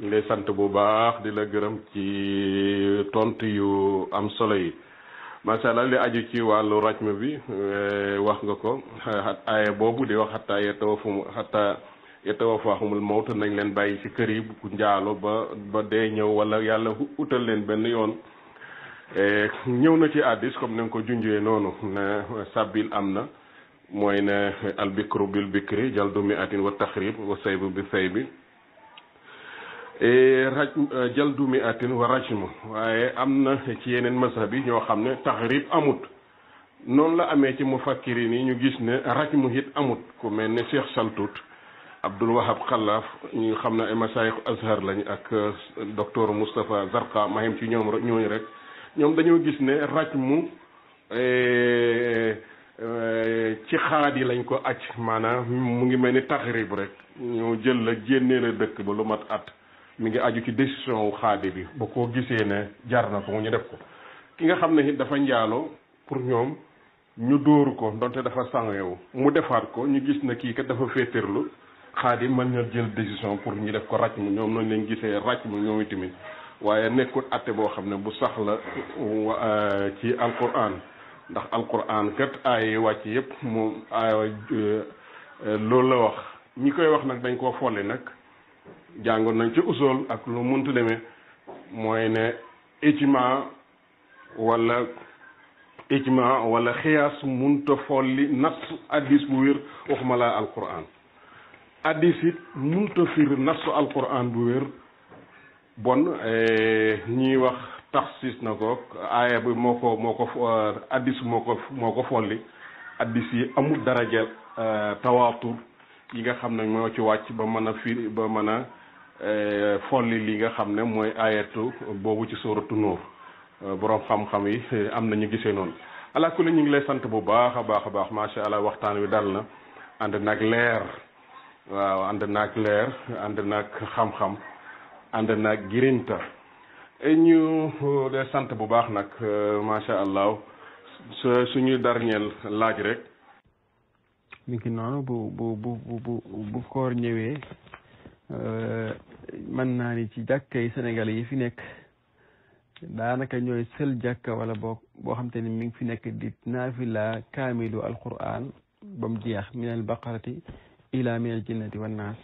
ñu sant bu baax di la gërëm ci tont yu am solo yi macha allah li aju ci wàllu rajm bi euh, wax nga ko aaya boobu di wax xataa yatawafahum xataa yatawafahumul mawt nañ leen bàyyi ci kër yi bu njaalo ba ba dee ñëw wala yàlla utal leen benn yoon euh, ñëw na ci addis comme ni nga ko junjee noonu sabbil am na mooy ne albikru bil bikri jaldu mi atin wa taxrib wa saybu bi saybi e, raj jaldu mi atin wa rajm waaye am na ci yeneen mazhab yi ñoo xam ne taxrib amut noonu la amee ci mufakkiri ni ñu gis ne rajmu it amut ku mel ni Cheikh Saltut Abdul Wahab Xalaaf ñu xam ne ay masaayix Azhar lañ ak docteur Moustapha Zarqa mayem ci ñoom ñooñu rek ñoom dañoo gis ne mu Euh, ci xaat yi lañ ko aj maanaam mu ngi mel ni taxrib rek ñu jël la génnee la dëkk ba lu mat at mi ngi aju ci décision wu xaadi bi ba ko gisee ne jar na ko ñu def ko ki nga xam ne it dafa njaaloo pour ñoom ñu dóoru ko donte dafa sangewu mu defaat ko ñu gis na kii kat dafa féeterlu xaadi mën na jël décision pour ñu def ko raj mu ñoom nañ leen gisee raj mu ñoom tamit waaye nekkul atte boo xam ne bu sax la euh, ci alquran ndax alquran kat aaya yi wàcc yépp moom aaya eh, eh, loolu la wax ñi koy wax nag dañ koo folli nag jàngoon nañ ci usool ak lu muntu demee mooy ne ijma wala ijma wala xiyaas munta folli nas addis bu wér waxuma laa alquran addis it munta fir nasu alquran bu wér bon eh, ñiy wax taxsis na ko aaya bi moo ko moo ko euh, addis moo ko moo ko folli addis yi amul daraja euh, tawaatur yi nga xam ne moo ci wàcc ba mën a ba mën a euh, folli li nga xam ne mooy aayatu boobu ci sóoratu Nuur boroom xam-xam yi am na ñu gisee noonu ala kulli ñu ngi lay sant bu baax a baax a baax macha allah waxtaan wi dal na ànd naag leer waaw ànd naag leer ànd naag xam-xam ànd naag girinta ñu de euh, sant bu baax nag euh, macha allah suñu dernier laaj rek. mi ngi noonu bu bu bu bu koor ñëwee euh, mën naa ni ci jàkka yi Sénégal yi fi nekk daanaka ñooy sël jàkka wala boo boo xam te ni mi ngi fi nekk di naafila kaamilu alquran ba mu jeex min al baqarati ila min al jinnati wan naas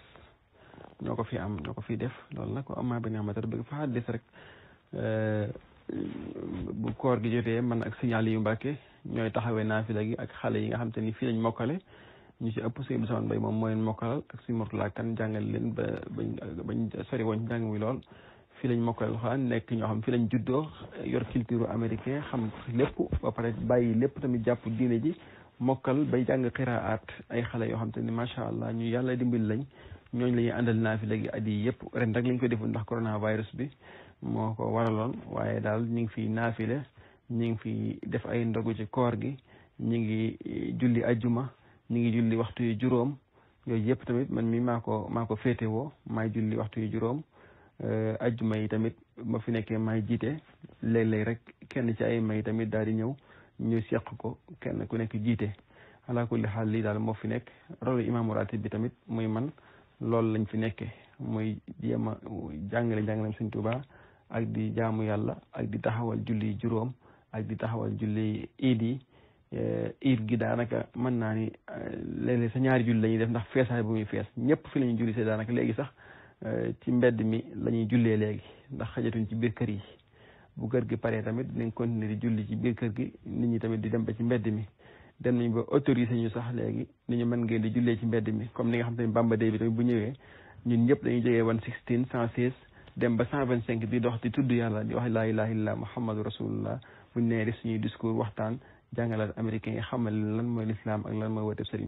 ñoo ko fi am ñoo ko fi def loolu nag ko amaa bi nga xamante ne bëgg xaddis rek. Euh, bu koor gi jotee man ak signal yu Mbàkke ñooy taxawee naafila gi ak xale yi nga xam ni fii lañ mokkale ñu ci ëpp sëñ Abdou moom moo leen mokkalal ak sëñ Murtala leen ba bañ bañ sori woon jàng mi lool fii lañ mokkalal xaan nekk ñoo xam fii lañ juddoo yor culture américain xam lépp ba pare tamit jàpp diine ji mokkal bay jàng xiraat ay xale yoo xam te ni macha allah ñu yàlla dimbali lañ ñooñu la ñuy àndal naafila gi at yi yëpp ren rek lañ ko defoon ndax coronavirus bi moo ko waraloon waaye daal ñu ngi fiy naafile ñu ngi fiy def ay ndogu ci koor gi ñu ngi eh, julli ajjuma ñu ngi julli waxtu yu juróom yooyu yëpp tamit man mi maa ko maa ko féetewoo maay julli waxtu yu juróom eh, ajjuma yi tamit ma fi nekkee maay jiite léeg-léeg rek kenn ci ay may tamit daal di ñëw ñu seq ko kenn ku nekk jiite ala kulli xaal lii daal moo fi nekk rolu imaamu ratib bi tamit muy man loolu lañ fi nekke muy jéem a jàngale jàngaleem ak di jaamu yàlla ak di taxawal julli juróom ak di taxawal julli iid yi eh, iid gi daanaka mën naa ni eh, léeg-léeg sa ñaari julli la ñuy def ndax feesaay bu muy fees ñëpp fi la ñuy julli see daanaka léegi sax eh, ci mbedd mi lañuy jullee léegi ndax xajatuñ ci biir kër yi bu kër gi pare tamit dinañ continuer di julli ci biir kër gi nit ñi tamit di dem ba ci mbedd mi dem nañ ba autorisé ñu sax léegi ni ñu mën ngeen di jullee ci mbedd mi comme ni nga xam te ne Bamba Day bi tamit bu ñëwee ñun ñëpp dañuy jógee one sixteen cent dem ba 125 di dox di tuddu yàlla di wax la ilaha illa muhammad rasulullah bu nee def suñuy discours waxtaan jàngalaat américain yi xamal lan moy l'islam ak lan moy wote sëriñ